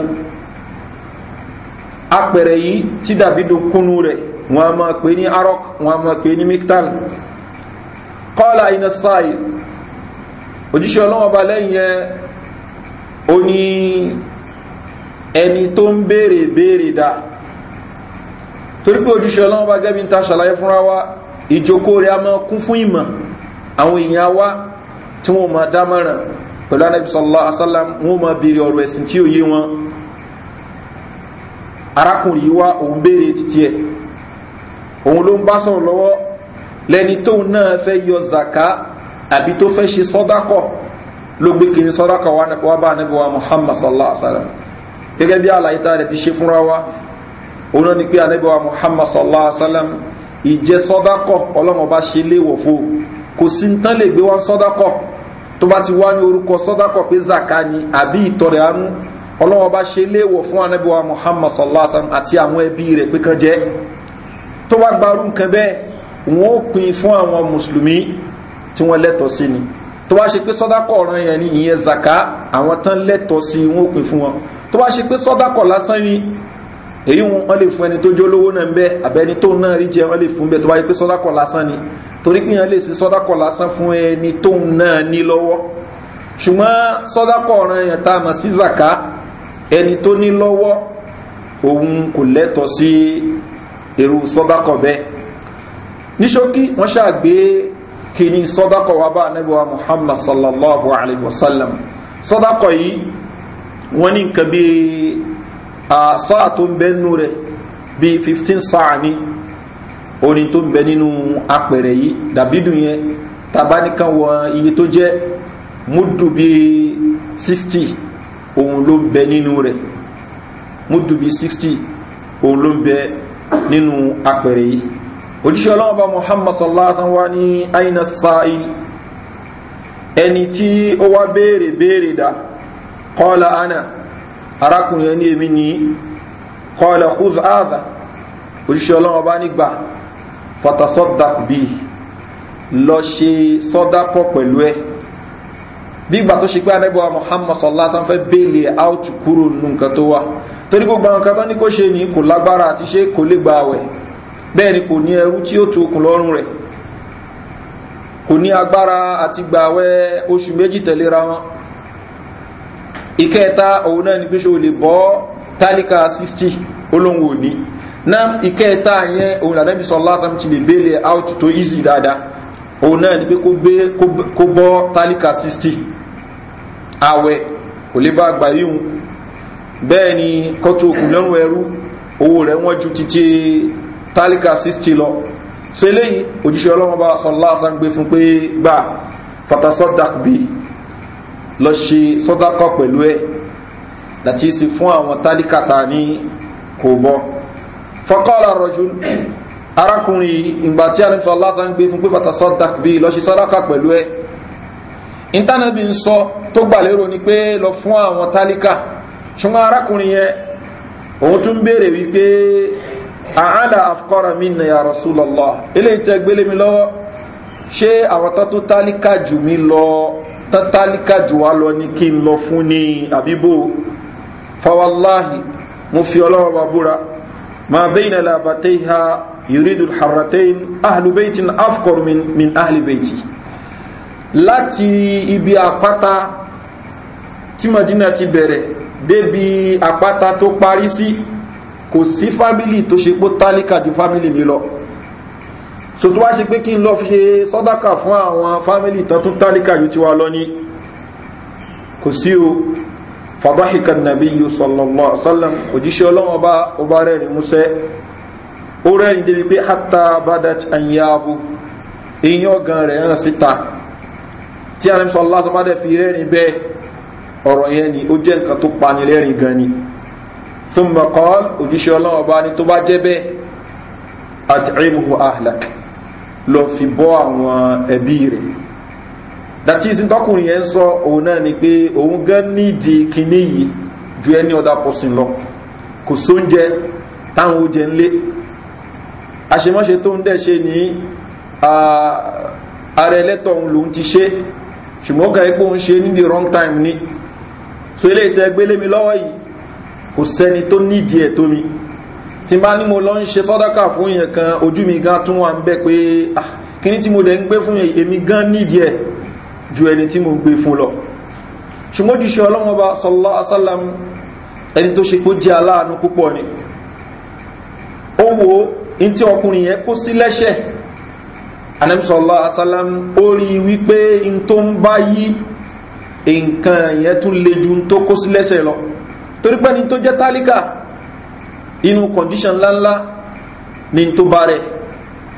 apẹ̀rẹ̀ yìí tí dàbí dùn kúnnú rẹ̀ wọ́n a máa pè ní arok wọ́n a máa pè ní qala iná sáì òjíṣẹ́ ọlọ́wọ́n ba lẹ́yìn ó ní ẹni tó ń béèrè béèrè dá torí pé ojúṣe ọlọ́run bá gẹ́bí ń ta ṣàlàyé fúnra wa ìjókòó rẹ̀ a máa kún fún ìmọ̀ àwọn èèyàn wa tí wọ́n máa dámọ̀ràn pẹ̀lú anabi sallallahu alaihi wọ́n máa béèrè ọ̀rọ̀ ẹ̀sìn tí ó yé wọn arákùnrin yìí wá òun béèrè títí ẹ̀ òun ló ń bá sọ̀rọ̀ lọ́wọ́ lẹ́ni tóun náà fẹ́ yọ zaka àbí tó fẹ́ ṣe sọ́dákọ̀ ló gbé kiri sọ́dọ̀ kan wá bá anabi wa muhammad sallallahu alaihi wa sallam gẹ́gẹ́ bí àlàyé tá ti ṣe fúnra wa òun náà ni pé anabi wa muhammad sallallahu alaihi wa sallam ìjẹ sọ́dákọ̀ ọlọ́run ọba ṣe léèwọ̀ fún o kò sí ń tán lè gbé wá sọ́dákọ̀ tó bá ti wá ní orúkọ sọ́dákọ̀ pé zaka ni àbí ìtọrẹ àánú ọlọ́run ọba ṣe léèwọ̀ fún anabi wa muhammad sallallahu alaihi wa sallam àti àwọn ẹbí rẹ̀ pé kan jẹ́ tó bá gbarú tó bá ṣe pé sọ́dákọ̀ ọ̀ràn yẹn ni ìyẹn zaka àwọn tán lẹ́tọ̀ọ́ sí wọn ò pín fún wọn tó bá ṣe pé sọ́dákọ̀ lásán ni èyí wọn lè fún ẹni tó jó lówó náà ń bẹ àbẹni tó náà rí jẹ wọn lè fún bẹ tó bá yẹ pé sọdákọ lásán ni torí pé yẹn lè ṣe sọdákọ lásán fún ẹni tó náà ní lọ́wọ́ ṣùgbọ́n sọdákọ ọ̀ràn yẹn tá a mọ̀ sí zaka ẹni tó ní lọ́wọ́ òun kò lẹ́tọ̀ọ́ sí èrò sọdákọ bẹ́ẹ̀ ní ṣókí wọ́n ṣàgbé kìíní sọ́dákọ̀ wa bá anábì wa muhammad sallallahu alayhi wa sallam sọ́dákọ̀ yìí wọ́n ní nǹkan bí sáà tó ń bẹ nínú rẹ̀ bí fifteen sáà ni orin tó ń bẹ nínú apẹ̀rẹ̀ yìí dàbídùn yẹn tabanikan wọn iye tó jẹ́ múdù bí sixty òun ló ń bẹ nínú rẹ̀ sixty òun ló ń bẹ nínú apẹ̀rẹ̀ òjíṣẹ́ ọlọ́run bá muhammad sallallahu alaihi wasallam wá ní aina sa'il ẹni tí ó wá béèrè béèrè dá kọ́lá ana arákùnrin ẹni èmi ní kọ́lá khudh adha òjíṣẹ́ ọlọ́run bá nígbà fatasọ́dàk bí lọ ṣe sọ́dàkọ̀ pẹ̀lú ẹ bí ìgbà tó ṣe pé anábíwá muhammad sallallahu alaihi fẹ́ béèlè out kúrò nù nǹkan tó wà torí gbogbo àwọn nǹkan tó ní kó ṣe ní kò lágbára àti ṣe kò lè gba àwẹ̀ bẹ́ẹ̀ ni kò ní ẹrú tí ó tó okùn lọ́rùn rẹ̀ kò ní agbára àti gbàwẹ́ oṣù méjì tẹ̀léra wọn ìkẹta òun náà ni pé ṣe bọ́ tálíkà 60 olóhùn òní náà ìkẹta yẹn òun lànàbí sọ lásán ti lè bẹ́ẹ̀lẹ̀ out to easy dada, òun náà ni pé kó bọ́ tálíkà 60 àwẹ̀ kò lè bá àgbà yíhun bẹ́ẹ̀ ni kọ́tù òkú lẹ́rù ẹrú owó rẹ̀ wọ́n ju títí tálíkà sixty lọ so eléyìí òjíṣẹ́ ọlọ́wọ́n bá sọ lásán gbé fún pé gbà fata sọ́dàk bí lọ ṣe sọ́dàkọ̀ pẹ̀lú ẹ̀ láti ṣe fún àwọn tálíkà ta ní kò bọ́ fọkọ́lá rọ̀jú arákùnrin ìgbà tí àrùn sọ lásán gbé fún pé fata sọ́dàk bí lọ ṣe sọ́dàkọ̀ pẹ̀lú ẹ̀ ìtànàbí ń sọ tó gbà lérò ni pé lọ fún àwọn tálíkà ṣùgbọ́n arákùnrin yẹn òun tún béèrè wípé àádà afqara minna ya Rasulullah eléyìí tẹ́ gbélé mi lọ́wọ́ ṣé àwọn tán tó tálíkà jù mí lọ tán tálíkà jù wá lọ ní kí n lọ fún ní àbíbò fawallahi mo fi ọlọ́wọ́ babúra ma bayna labatayha yuridu al-harratayn ahlu baytin afqar min min ahli láti ibi àpáta tí Madina ti bẹ̀rẹ̀ débi àpáta tó parí sí si, kò sí fámílì tó ṣe pó tálíkà ju fámílì mi lọ so tó wá ṣe pé kí n lọ ṣe sọ́dákà fún àwọn fámílì tán tún tálíkà ju tiwa lọ ní kò sí o fàbáhìkà nàbí yìí sọlọ́lọ́ sọlọ́m òjíṣẹ́ ọlọ́wọ́n bá ọba rẹ̀ ní musẹ́ ó rẹ̀ ní débi pé hátà badat anyabu èèyàn gan rẹ̀ hàn síta tí a sọ lásán bá dẹ̀ fi rẹ̀ bẹ́ẹ̀ ọ̀rọ̀ yẹn ni ó jẹ́ nǹkan tó pani lẹ́rìn gan ni thumma qala òjíṣẹ́ ọlọ́run ọba ni tó bá jẹ́ bẹ́ẹ̀ at'imhu ahlak lọ fi bọ́ àwọn ẹbí rẹ̀ that is ntọ́kùnrin yẹn ń sọ òun náà ni pé òun gan nídìí kinní yìí ju any other person lọ kò sóúnjẹ táwọn oúnjẹ ń lé àṣemọ́ṣe tó ń dẹ̀ ṣe ní ààrẹ ẹlẹ́tọ̀ òun lòun ti ṣe ṣùgbọ́n kan ipò ń ṣe ní wrong time ni so ilé ìtẹ́gbélémi lọ́wọ́ yìí kò sẹ́ni tó nídìí ẹ̀ tó mi tí bá ní mo lọ ń ṣe sọ́dọ́kà fún yẹn kan ojú mi gan tún wà ń bẹ́ pé ah kíní tí mo dẹ̀ ń gbé fún yẹn èmi gan nídìí ẹ̀ ju ẹni tí mo gbé fún lọ ṣùgbọ́n ojúṣe ọlọ́wọ́n bá sọlá asálàm ẹni tó ṣe kó jẹ́ aláàánú púpọ̀ ni ó wo ní tí ọkùnrin yẹn kó sí lẹ́ṣẹ̀ anamisọlá asálàm ó rí wípé n tó ń bá yí nǹkan yẹn tún le ju tó kó sí lẹ́ṣẹ̀ lọ torí pé ní tó jẹ́ tálíkà inú kọ̀ndíṣàn ńláńlá ní tó bá rẹ̀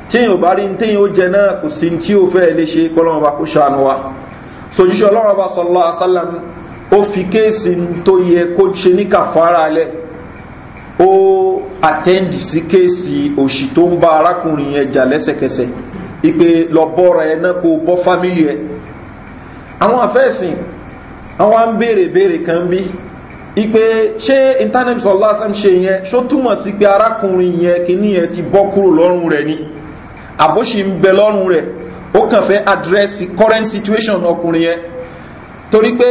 tí yóò bá rí tí yóò jẹ náà kò sí tí ó fẹ́ lè ṣe kọ́lọ́wọ́n bá kó ṣàánú wa sojúṣe ọlọ́wọ́n bá sọlọ́ asálàm ó fi kéèsì tó yẹ kó ṣe ní kàfàrà alẹ́ ó àtẹ́ǹdì sí kéèsì òṣì tó ń bá arákùnrin yẹn jà lẹ́sẹ̀kẹsẹ̀ ìpè lọ bọ́ra náà kó bọ́ fámìlì ẹ àwọn afẹ́sìn àwọn à béèrè kan bíi ipe ṣé internet sọlá sam ṣe yẹn ṣó túmọ̀ sí pé arákùnrin yẹn kíní yẹn ti bọ́ kúrò lọ́rùn rẹ̀ ni àbóṣì ń bẹ lọ́rùn rẹ̀ ó kàn fẹ́ address current situation ọkùnrin yẹn torí pé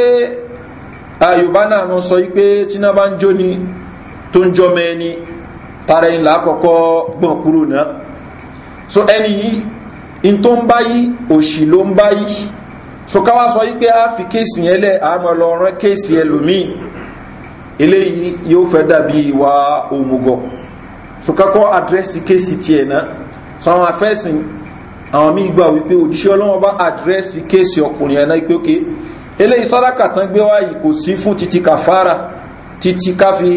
yorùbá náà lọ sọ pé tíná bá ń jó ni tó ń jọmọ ẹni tara ẹni làákọ́kọ́ gbọ̀n kúrò náà so ẹni yìí in tó ń báyìí òṣì ló ń báyìí so káwá sọ yìí pé a fi kéèsì yẹn lẹ àmọ́ lọ rán kéèsì ẹlòmíì eléyìí yóò fẹ́ dàbí ìwà òmùgọ̀ so kakọ́ àdírẹ́sì kéèsì tiẹ̀ náà so àwọn afẹ́sìn àwọn míì gbà wípé òjíṣẹ́ ọlọ́wọ́n bá àdírẹ́sì kéèsì ọkùnrin ẹ̀ náà pé ókè eléyìí sàdákà tán gbé wáyé kò sí fún títí kàfàrà títí ká fi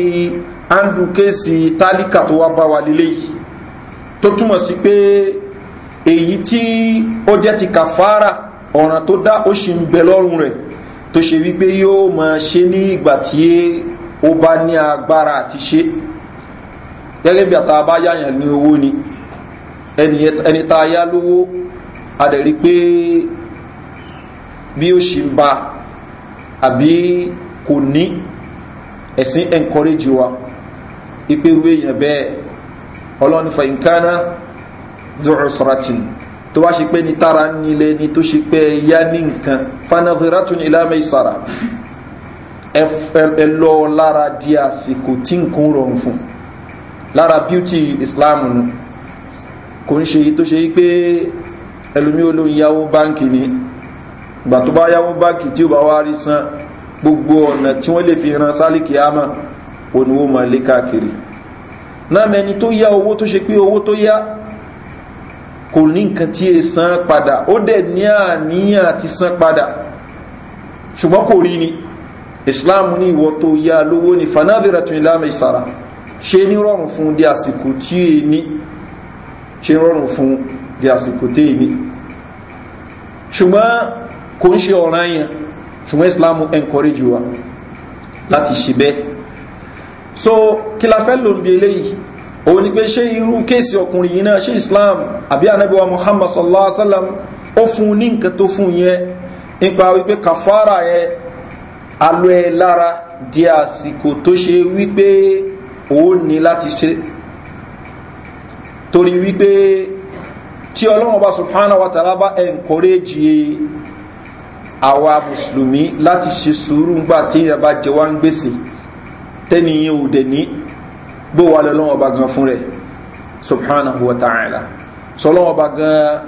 andrew kéèsì tálíkà tó wá bá wa léléyìí tó túmọ̀ sí pé èyí tí ó jẹ́ ti kàfàrà ọ̀ràn tó dá ó sì ń bẹ lọ́rùn rẹ̀ tó ṣe wípé yóò máa ṣe ní ìgbà tí ó bá ní agbára àti ṣe gẹ́gẹ́ bí àtàwọn bá ní owó ni ẹni tá a yá lówó a dẹ̀ rí pé bí ó ṣe ń ba àbí kò ní ẹ̀sìn encourage wa ìpérú èèyàn bẹ́ẹ̀ ọlọ́ni fàyínkáná zọ́ọ̀sọ̀ràtìn tó wá ṣe pé ní tára nílẹ̀ ni tó ṣe pé yá ní nǹkan fanadhiratun ila ẹ lọ lára di àsìkò tí nǹkan rọrùn fún lára beauty islam nù kò ń ṣe tó ṣe pé ẹlòmí olóhùn yáwó báǹkì ni ìgbà tó bá yáwó báǹkì tí ó bá wá rí san gbogbo ọ̀nà tí wọ́n lè fi ran sálíkì àmà òun ó máa lé káàkiri náà mẹni tó yá owó tó ṣe pé owó tó yá kò ní nǹkan tí è san padà ó dẹ̀ ní àníyàn àti san padà ṣùgbọ́n kò rí ni islam ní ìwọ tó yá lówó ní fanadira tún ilá mẹ́sàrà ṣe ní rọrùn fún di àsìkò tí è ní ṣe rọrùn fún di àsìkò tí è ní ṣùgbọ́n kò ń ṣe ọ̀ràn yẹn ṣùgbọ́n islam encourage wa láti ṣe bẹ́ẹ̀ so kí la fẹ́ lò ń bi eléyìí òun ni pé ṣé irú kéèsì ọkùnrin yìí náà ṣé islam àbí anabiwa muhammad sallallahu alaihi wa sallam ó fún un ní nǹkan tó fún un yẹn nípa wípé kàfàrà yẹn alo ẹ lára di àsìkò tó ṣe wípé ó ní láti ṣe torí wípé tí ọlọ́wọ́n bá subhanahu wa ta'ala bá encourage àwa mùsùlùmí láti ṣe sùúrù ńgbà tí ìyá bá jẹ wá ń gbèsè tẹ́niyẹn ò dẹ̀ ní bó wà lọ́wọ́n bá gan fún rẹ̀ subhanahu wa ta'ala sọlọ́wọ́n bá gan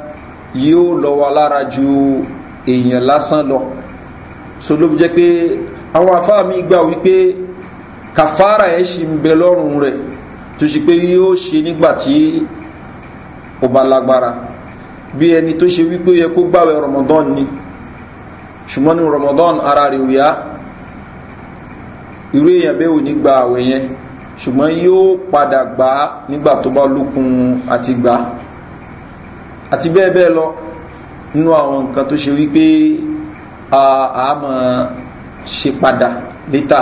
yóò lọ wa lára ju èèyàn lásán lọ so ló fi jẹ́ pé àwọn afáà mi gbà wípé kàfàrà ẹ̀ ṣì ń bẹ lọ́rùn rẹ̀ tó ṣe pé yóò ṣe nígbà tí ó bá lágbára bí ẹni tó ṣe wípé yẹ kó gbàwẹ̀ ramadan ni ṣùgbọ́n ní ramadan ara rẹ̀ ò yá irú èèyàn bẹ́ẹ̀ ò ní gba àwẹ̀ yẹn ṣùgbọ́n yóò padà gbà á nígbà tó bá lókun àti gbà á àti bẹ́ẹ̀ bẹ́ẹ̀ lọ nínú àwọn nǹkan tó ṣe wípé àmọ́ ṣe padà létà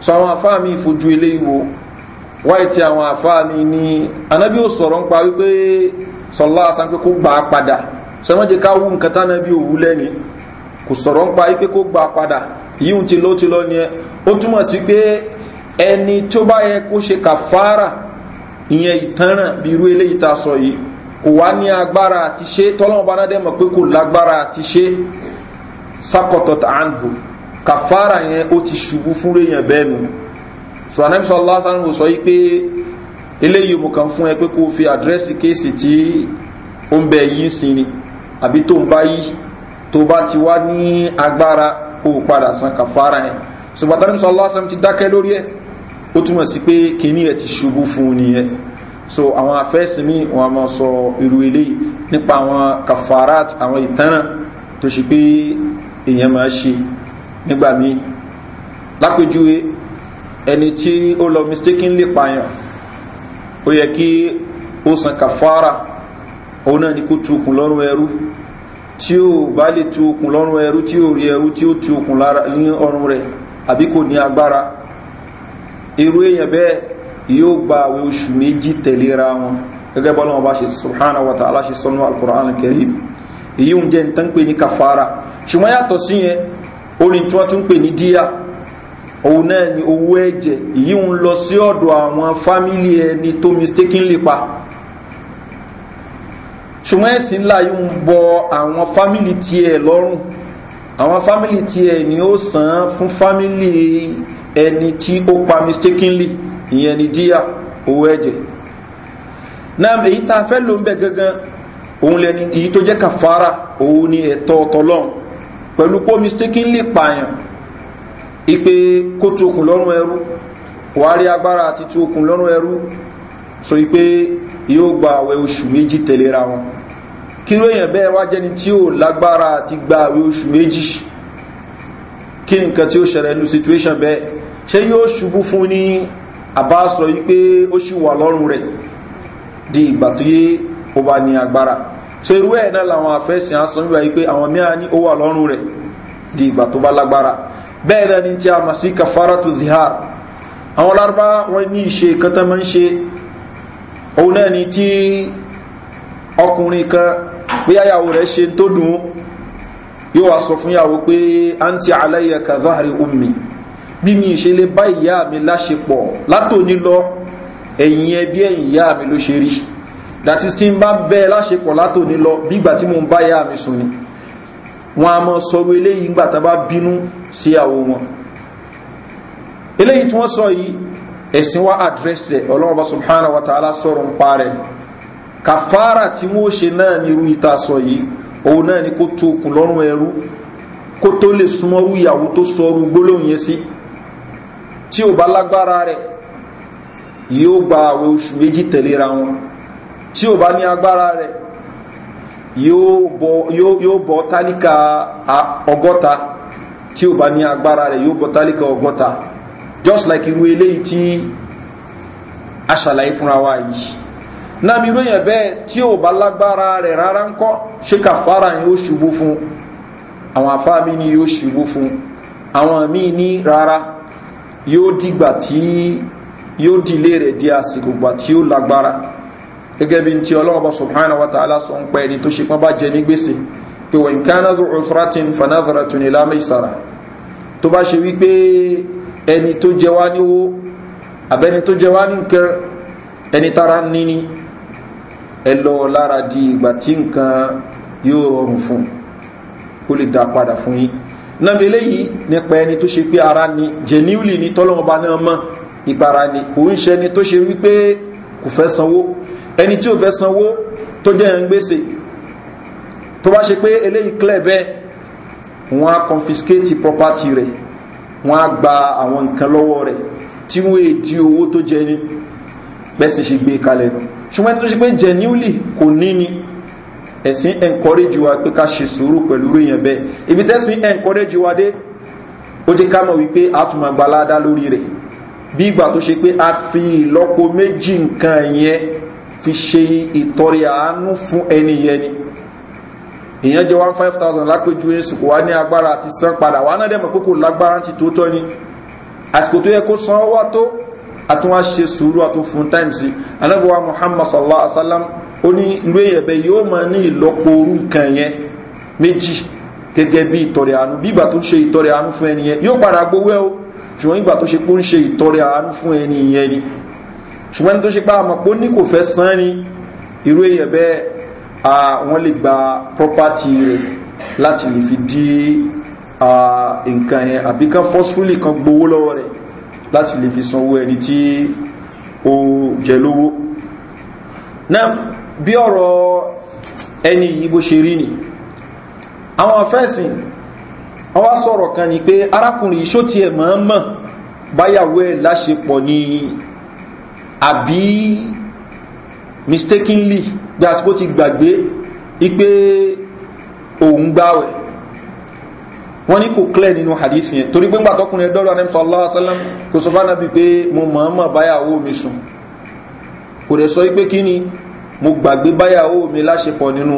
so àwọn àfáà mi fojú eléyìí wo wáyé tí àwọn àfáà mi ní anábí ò sọ̀rọ̀ ń pa wípé sọlá asan pé kó gbà á padà sọmọ́jẹ́ ká wú nǹkan tánábí òwú lẹ́ni kò sọ̀rọ̀ ń wípé kó gbà á padà yíò ti ló ti lọ ni ẹ ó túmọ̀ sí pé ẹni tó bá yẹ kó ṣe kàfárà ìyẹn ìtanràn bí irú eléyìí ta sọ yìí kò wá ní agbára àti ṣe tọ́lọ́mọba náà dẹ̀ mọ̀ pé kò lágbára àti ṣe sakọtọ tàánhù kàfàrà yẹn ó ti ṣubú fún rèèyàn bẹ́ẹ̀ nu sọ anabi sọ allah sanu sọ yìí pé eléyìí mo kàn fún ẹ pé kó o fi àdírẹ́sì kéèsì tí ó ń bẹ yìí sí ni àbí tó ń bá yìí tó bá ti wá ní agbára kó o padà san kàfàrà yẹn ṣùgbọ́n anabi allah sanu ti dákẹ́ lórí ẹ ó túmọ̀ sí pé kínní ẹ ti ṣubú fún un nìyẹn so àwọn afẹ́sìn mi wọn a máa sọ irú eléyìí nípa àwọn kàfàrà àwọn ìtanràn tó ṣe pé èèyàn máa ṣe nígbà míì lápèjúwe ẹni tí ó lọ mistakenly pààyàn ó yẹ kí ó san kàfàrà òun náà ni kó tu okùn lọ́rùn ẹrú tí ó bá lè tu okùn lọ́rùn ẹrú tí ó rí ẹrú tí ó tu okùn ní ọrùn rẹ àbí kò ní agbára gba oṣù méjì wọn gẹ́gẹ́ bọ́lá wọn bá ṣe subhanahu wa ta'ala ṣe sọ́nù èyí ń jẹ́ ń tán pè ní kàfàrà ṣùgbọ́n yàtọ̀ sí yẹn orin tí wọ́n tún pè ní díà òun náà ni owó ẹ̀jẹ̀ èyí ń lọ sí ọ̀dọ̀ àwọn fámílì ẹni tó mistakenly pa ṣùgbọ́n ẹ̀sìn ńlá yìí ń bọ àwọn fámílì tiẹ̀ lọ́rùn àwọn fámílì tiẹ̀ ni ó sàn án fún fámílì ẹni tí ó pa mistakenly ìyẹn ni díà owó ẹ̀jẹ̀ náà èyí tá a fẹ́ lò ń bẹ gangan òun lẹni èyí tó jẹ́ kàfàrà òun ni ẹ̀tọ́ ọ̀tọ̀lọ́hún pẹ̀lú pé mistakenly pààyàn ipe kó tu okùn lọ́rùn ẹrú wàárí agbára àti tu okùn lọ́rùn ẹrú sọ pé yóò gba àwẹ̀ oṣù méjì tẹ̀léra wọn kí ló èèyàn bẹ́ẹ̀ wá jẹ́ni tí ó lágbára àti gba àwẹ̀ oṣù méjì kí ni nǹkan tí ó ṣẹlẹ̀ nínú situation bẹ́ẹ̀ ṣé yóò ṣubú fún ní àbá sọ yí ó ṣì wà lọ́rùn rẹ̀ di ìgbà tó yé ó bá ní agbára ṣe irú ẹ̀ náà làwọn afẹ́sìn aṣọ nígbà yìí pé àwọn mìíràn ní ó wà lọ́rùn rẹ̀ di ìgbà tó bá lágbára bẹ́ẹ̀ náà ni tí a mọ̀ sí kafaratu zihar àwọn larba wọn ní ìṣe kan tó máa ń ṣe òun náà ni tí ọkùnrin kan bí yàyàwó rẹ̀ ṣe tó dùn yóò wá sọ fún yàwó pé anti alayya ka zahari ummi bí mi ṣe lè bá ìyá mi láṣepọ̀ látòní lọ ẹ̀yìn ẹbí ẹ̀yìn ìyá mi ló ṣe rí dàtí tí ń bá bẹ́ láṣepọ̀ látòní lọ bí ìgbà tí mo ń bá yá mi sùn ni wọn a mọ sọ̀rọ̀ eléyìí ńgbà tá bá bínú sí àwọ wọn eléyìí tí wọ́n sọ yìí ẹ̀sìn wa àdírẹ́sì ọlọ́run bá subhanahu wa ta'ala sọ̀rọ̀ ń parẹ́ kàfàrà tí wọ́n ṣe náà ní irú ìta sọ yìí òun náà ni kó tó okùn lọ́rùn ẹrú kó tó lè súnmọ́rú ìyàwó tó sọrú gbólóhùn yẹn sí tí ò bá lágbára rẹ̀ yóò gba àwẹ̀ oṣù méjì tẹ̀léra wọn tí o bá ní agbára rẹ̀ yóò bọ́ tálíkà tí bá ní agbára yóò just like irú eléyìí tí a fúnra wa yìí mi ròyìn bẹ́ẹ̀ tí ò bá lágbára rẹ rárá ń kọ́ ṣé kàfàrà yìí ó ṣubú fún àwọn afá mi ni yóò ṣubú fún àwọn míì ní rárá yóò dìgbà tí yóò dìlé di àsìkò gbà tí o lágbára. gẹ́gẹ́ bí ti ọlọ́ọ̀bá subhanahu wa ta'ala sọ ń pẹ́ ẹni tó ṣe pọ́n bá jẹ ní gbèsè pé wọ́n kánà dùn ọ̀fúratin fanadara tuni lámì sara tó bá ṣe wípé ẹni tó jẹ wá níwó àbẹni tó jẹ wá ní nǹkan ẹni tara níní ẹ lọ lára di ìgbà tí nǹkan yóò rọrùn fún kó lè dá padà fún yín náà eléyìí nípa ẹni tó ṣe pé ara ni genuinely ni tọ́lọ́mọba náà mọ̀ ìpara ni òun ṣe ẹni tó ṣe wípé kò fẹ́ sanwó ẹni tí ò fẹ́ sanwó tó jẹ́ yẹn ń gbèsè tó bá ṣe pé eléyìí clear bẹ́ẹ̀ wọ́n á confiscate property rẹ̀ wọ́n á gba àwọn nǹkan lọ́wọ́ rẹ̀ tí wọ́n èdè owó tó jẹ ní bẹ́sì ṣe gbé e kalẹ̀ nù ṣùgbọ́n ẹni tó ṣe pé genuinely kò ní ni ẹ̀sìn encourage wa pé ká ṣe sùúrù pẹ̀lú ríyàn bẹ́ẹ̀ ibi tẹ́sìn encourage wa dé ó jẹ́ ká mọ̀ wípé a tún máa gbalada lórí rẹ̀ bí ìgbà tó ṣe pé a fi ìlọ́po méjì nǹkan yẹn fi ṣe ìtọrẹ àánú fún ẹni yẹn ni èèyàn jẹ one five thousand lápẹjù èsù kò wá ní agbára àti san padà wà náà dẹ̀mọ̀ pé kò lágbára ti tó tọ́ ni àsìkò tó yẹ kó san wá tó àtúnwá ṣe sùúrù àtún fún time sí anábọ̀wá muhammad sallallahu alaihi wa sallam ó ní ìlú èyẹ̀bẹ̀ yóò máa ní ìlọ́po orú nǹkan yẹn méjì gẹ́gẹ́ bí ìtọrẹ àánú bí ìgbà tó ṣe ìtọrẹ àánú fún ẹni yẹn yóò padà gbowó ẹ o ṣùgbọ́n ìgbà tó ṣe pé ó ń ṣe ìtọrẹ àánú fún ẹni ìyẹn ni ṣùgbọ́n ní tó ṣe pé àmọ́ pé ní kò fẹ́ san ni irú èyẹ bẹ́ẹ̀ wọ́n lè gba property rẹ̀ láti lè fi dí nǹkan yẹn àbí kan forcefully kan gbowó lọ́wọ́ rẹ̀ láti lè fi sanwó ẹni tí ó jẹ lówó náà bí ọ̀rọ̀ ẹni yìí bó ṣe rí ni àwọn afẹ́sìn wọ́n wá sọ̀rọ̀ kan ni pé arákùnrin iṣó ti ẹ̀ mọ́ mọ̀ báyàwó ẹ̀ láṣepọ̀ ni àbí mistakenly bí àsìkò ti gbàgbé ipé òun gbáwẹ̀ wọ́n ní kò clear nínú hadith yẹn torí pé gbàtọ́kùnrin ẹ̀dọ́rọ̀ anẹ́mùsọ̀lá asálám kò sọ fánà bí pé mo mọ̀ mọ̀ báyàwó mi sùn kò rẹ̀ sọ ipé kí ni mo gbàgbé báyàwó mi láṣepọ̀ nínú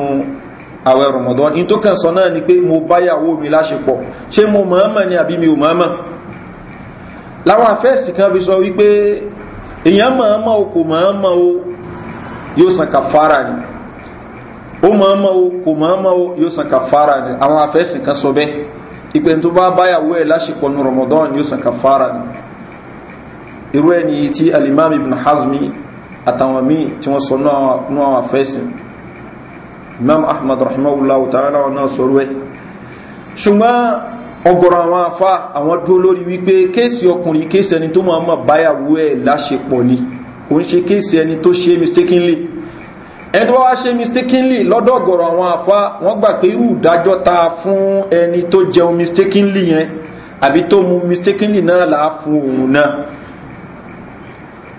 àwẹ̀ rọmọdán ní tó kàn sọ náà ni pé mo báyàwó mi láṣepọ̀ ṣé mo mọ̀ọ́mọ̀ ni àbí mi ò mọ̀ọ́mọ̀ láwọn afẹ́ẹ̀sì kan fi sọ wípé èèyàn mọ̀ọ́mọ̀ o kò mọ̀ọ́mọ̀ o yóò san kàfàrà ni ó mọ̀ọ́mọ̀ o kò mọ̀ọ́mọ̀ o yóò san kàfàrà ni àwọn afẹ́ẹ̀sì kan sọ bẹ́ẹ̀ ìpè tó bá báyàwó ẹ̀ láṣepọ̀ ní rọmọdán yóò san kàfàrà ni irú ẹni tí alimami ibn hazmi àtàwọn míì tí wọ́n sọ náà àwọn afẹ́ẹ̀sì imam ahmad rahimahullah ta'ala ọ̀nà sọ̀rọ̀ ẹ̀ ṣùgbọ́n ọgọ̀rọ̀ àwọn afá àwọn dúró lórí wípé kéèsì ọkùnrin kéèsì ẹni tó máa mọ̀ báyàwó ẹ̀ láṣepọ̀ ni ó ń ṣe kéèsì ẹni tó ṣe mistakenly ẹni tó bá wá ṣe mistakenly lọ́dọ̀ ọgọ̀rọ̀ àwọn afá wọ́n gbà pé irú ìdájọ́ ta fún ẹni tó jẹun mistakenly yẹn àbí tó mu mistakenly náà là á fún òun náà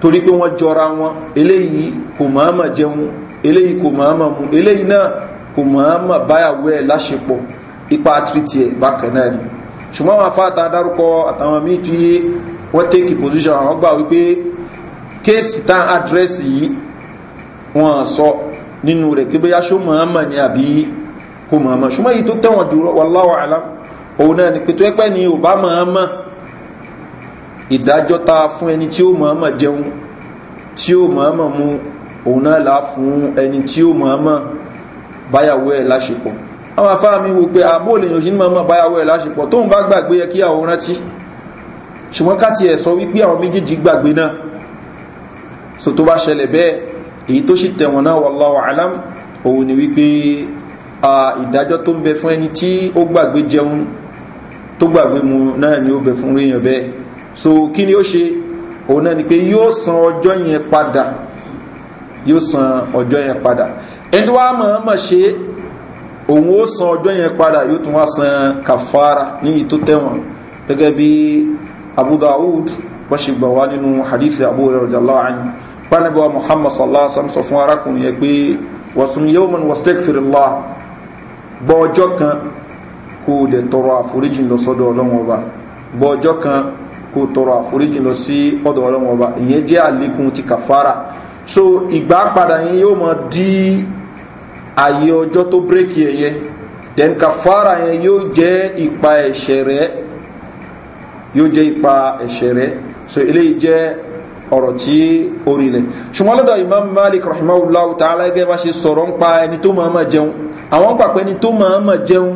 torí pé wọ́n jọra wọn eléyìí kò máa mọ̀ jẹun eléyìí kò máa mọ̀ mú eléyìí náà kò máa mọ̀ báyàwó ẹ̀ láṣepọ̀ ipa tìrìtì bákan náà ni ṣùgbọ́n àwọn afáàtà dárúkọ àtàwọn míì tí wọ́n tẹ́kì position àwọn gbà wípé kéèsì tán àdírẹ́sì yìí wọ́n sọ nínú rẹ̀ pé bóyá ṣó máa mọ̀ ni àbí kò máa mọ̀ ṣùgbọ́n èyí tó tẹ̀wọ̀n jù wallahu alam òun náà ni pé tó ẹpẹ́ ni ò bá máa mọ̀ ìdájọ́ fún ẹni tí ó máa mọ̀ jẹun tí ó máa mọ̀ mu òun náà là fún ẹni tí ó mọ̀ọ́mọ̀ báyàwó ẹ̀ láṣepọ̀ àwọn afáàmì wo pé àbó lèyàn ṣe ní mọ̀ọ́mọ̀ báyàwó ẹ̀ láṣepọ̀ tóun bá gbàgbé yẹ kí àwọn rántí ṣùgbọ́n ká tiẹ̀ sọ wípé àwọn méjèèjì gbàgbé náà so tó bá ṣẹlẹ̀ bẹ́ẹ̀ èyí tó sì tẹ̀wọ̀n náà wallahu alam òun ni wípé ìdájọ́ tó ń bẹ fún ẹni tí ó gbàgbé jẹun tó gbàgbé mu náà ni ó bẹ fún èèyàn bẹ́ẹ̀ so kí ni ó ṣe òun náà ni pé yóò san ọjọ́ yẹn padà yóò san ọjọ́ yẹn padà ẹni tó wá mọ̀ọ́mọ̀ ṣe òun ó san ọjọ́ yẹn padà yóò tún wá san kàfàrà ní ìtó tẹ̀wọ̀n gẹ́gẹ́ bí Abu Dawud wọ́n ṣe gbà wá nínú hadith Abu radiyallahu anhu pánàbí Muhammad sallallahu alaihi wasallam sọ fún arákùnrin yẹn pé wasum yawman wastaghfirullah bọ́ ọjọ́ kan kó o dẹ̀ tọrọ àforíjì lọ sọ́dọ̀ ọlọ́wọ́n ọba bọ́ ọjọ́ kan kó o tọrọ àforíjì lọ sí ọ̀dọ̀ ọlọ́wọ́n ọba ìyẹn jẹ́ àlékún ti kàfàrà so ìgbà padà yẹn yóò mọ dí àyè ọjọ́ tó bírèkì ẹ̀ yẹ then kàfàrà yẹn yóò jẹ́ ìpa ẹ̀ṣẹ̀ rẹ̀ yóò jẹ́ ìpa ẹ̀ṣẹ̀ rẹ̀ so eléyìí jẹ́ ọ̀rọ̀ tí ó rilẹ̀ ṣùgbọ́n lọ́dọ̀ imam malik rahimahullah ta'ala gẹ́gẹ́ bá ṣe sọ̀rọ̀ ń pa ẹni tó máa ma jẹun àwọn gbà pé ẹni tó máa ma jẹun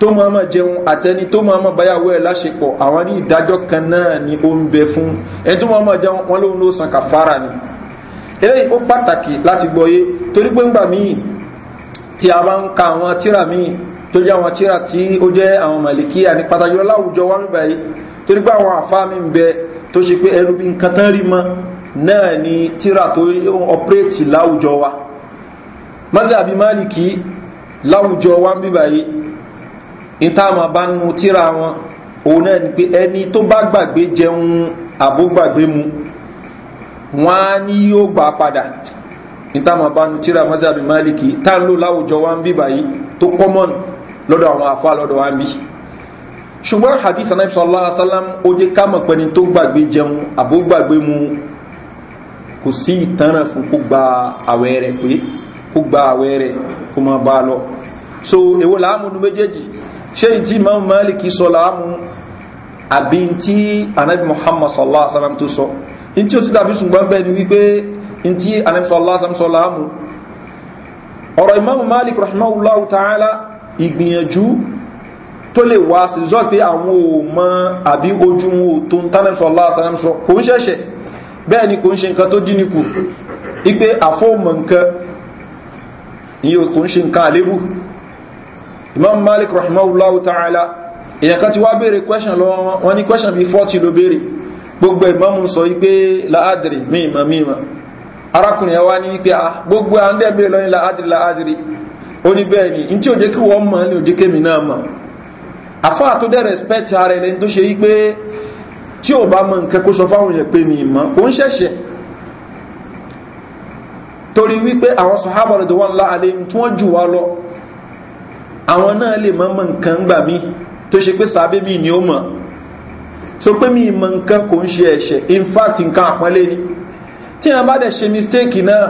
tó máa ma jẹun àtẹni tó máa ma báyàwó ẹ̀ láṣepọ̀ àwọn ní ìdájọ́ kan náà ni ó ń bẹ fún ẹni tó máa ma jẹun wọn lóun ló san kàfàrà ni eléyìí ó pàtàkì láti gbọ́yé torí pé ńgbà míì tí a bá ń ka àwọn tíra míì tó jẹ́ àwọn tíra tí ó jẹ́ àwọn màlìkíyà ní pàtàkì lọ láwùjọ wá mí báyìí torí pé àwọn àfáà mi ń bẹ tó ṣe pé ẹnu bí nǹkan tán rí mọ́ náà ni tíra tó ń ọpẹ́rẹ́tì láwùjọ wa mọ́sẹ̀ àbí málìkì láwùjọ wá mí báyìí ìtààmà bá nu tíra wọn òun náà ni pé ẹni tó bá gbàgbé jẹun àbó gbàgbé mu wọn á ní yóò gbà padà nítawọn abánu tíra mọ́sáàbí máàlìkì tá a ń lò láwùjọ wa ń bí báyìí tó kọ́mọ́nù lọ́dọ̀ àwọn àfa lọ́dọ̀ wa ń bí ṣùgbọ́n hadith anabi sallallahu alaihi wasallam ó jẹ́ ká mọ̀ pẹ́ni tó gbàgbé jẹun àbó gbàgbé mu kò sí ìtanràn fún kó gba àwẹ̀ rẹ̀ pé kó gba àwẹ̀ rẹ̀ kó máa bá a lọ so èwo làámúdu méjèèjì ṣé ìtì imam malik sọ làámú àbí ntí anabi muhammad sallallahu alaihi wasallam tó sọ. So, in tí ó sì dàbí ṣùgbọ́n bẹ́ẹ̀ ni wípé in tí anẹ́fọ́lásánṣọ́láàmù ọ̀rọ̀ imam malik rahimahullahu ta'ala ìgbìyànjú tó lè wá sí zọ́ pé àwọn ò mọ àbí ojú wọn ò tó ń tánẹ́fọ́lásánṣọ́ kò ń ṣẹ̀ṣẹ̀ bẹ́ẹ̀ ni kò ń ṣe nǹkan tó dínikù ipe àfọ́ọ̀mọ̀ nǹkan ìyẹn kò ń ṣe nǹkan àlébù imam malik rahimahullahu ta'ala èèyàn kan ti wá béèrè question lọ wọn ní question bíi 40 ló béèrè gbogbo ìmọ̀mù sọ wípé láàdìrì mímọ̀ mímọ̀ arákùnrin ẹ̀ ní wípé ah gbogbo à ń dẹ́gbẹ́ lọ́yìn láàdìrì láàdìrì ó ní bẹ́ẹ̀ ni n tí ò jẹ́ kí wọ́n mọ̀ ní òjé kémi náà mọ̀ àfáà tó respect ara ẹni tó ṣe wípé tí ò bá mọ nǹkan kó sọ fáwọn yẹn pé mi mọ̀ kò ń ṣẹ̀ṣẹ̀ torí wípé àwọn sọ̀hábà rẹ̀ tó wà ńlá alẹ́ tí wọ́n jù wá lọ àwọn náà lè mọ̀ mọ̀ nǹkan gbà mí tó ṣe pé sàbẹ́bí ni ó mọ̀ so pé mi ìmọ̀ nǹkan kò ń ṣe ẹ̀ṣẹ̀ in fact nǹkan àpọ́nlé ni tí yẹn bá dẹ̀ ṣe mistake náà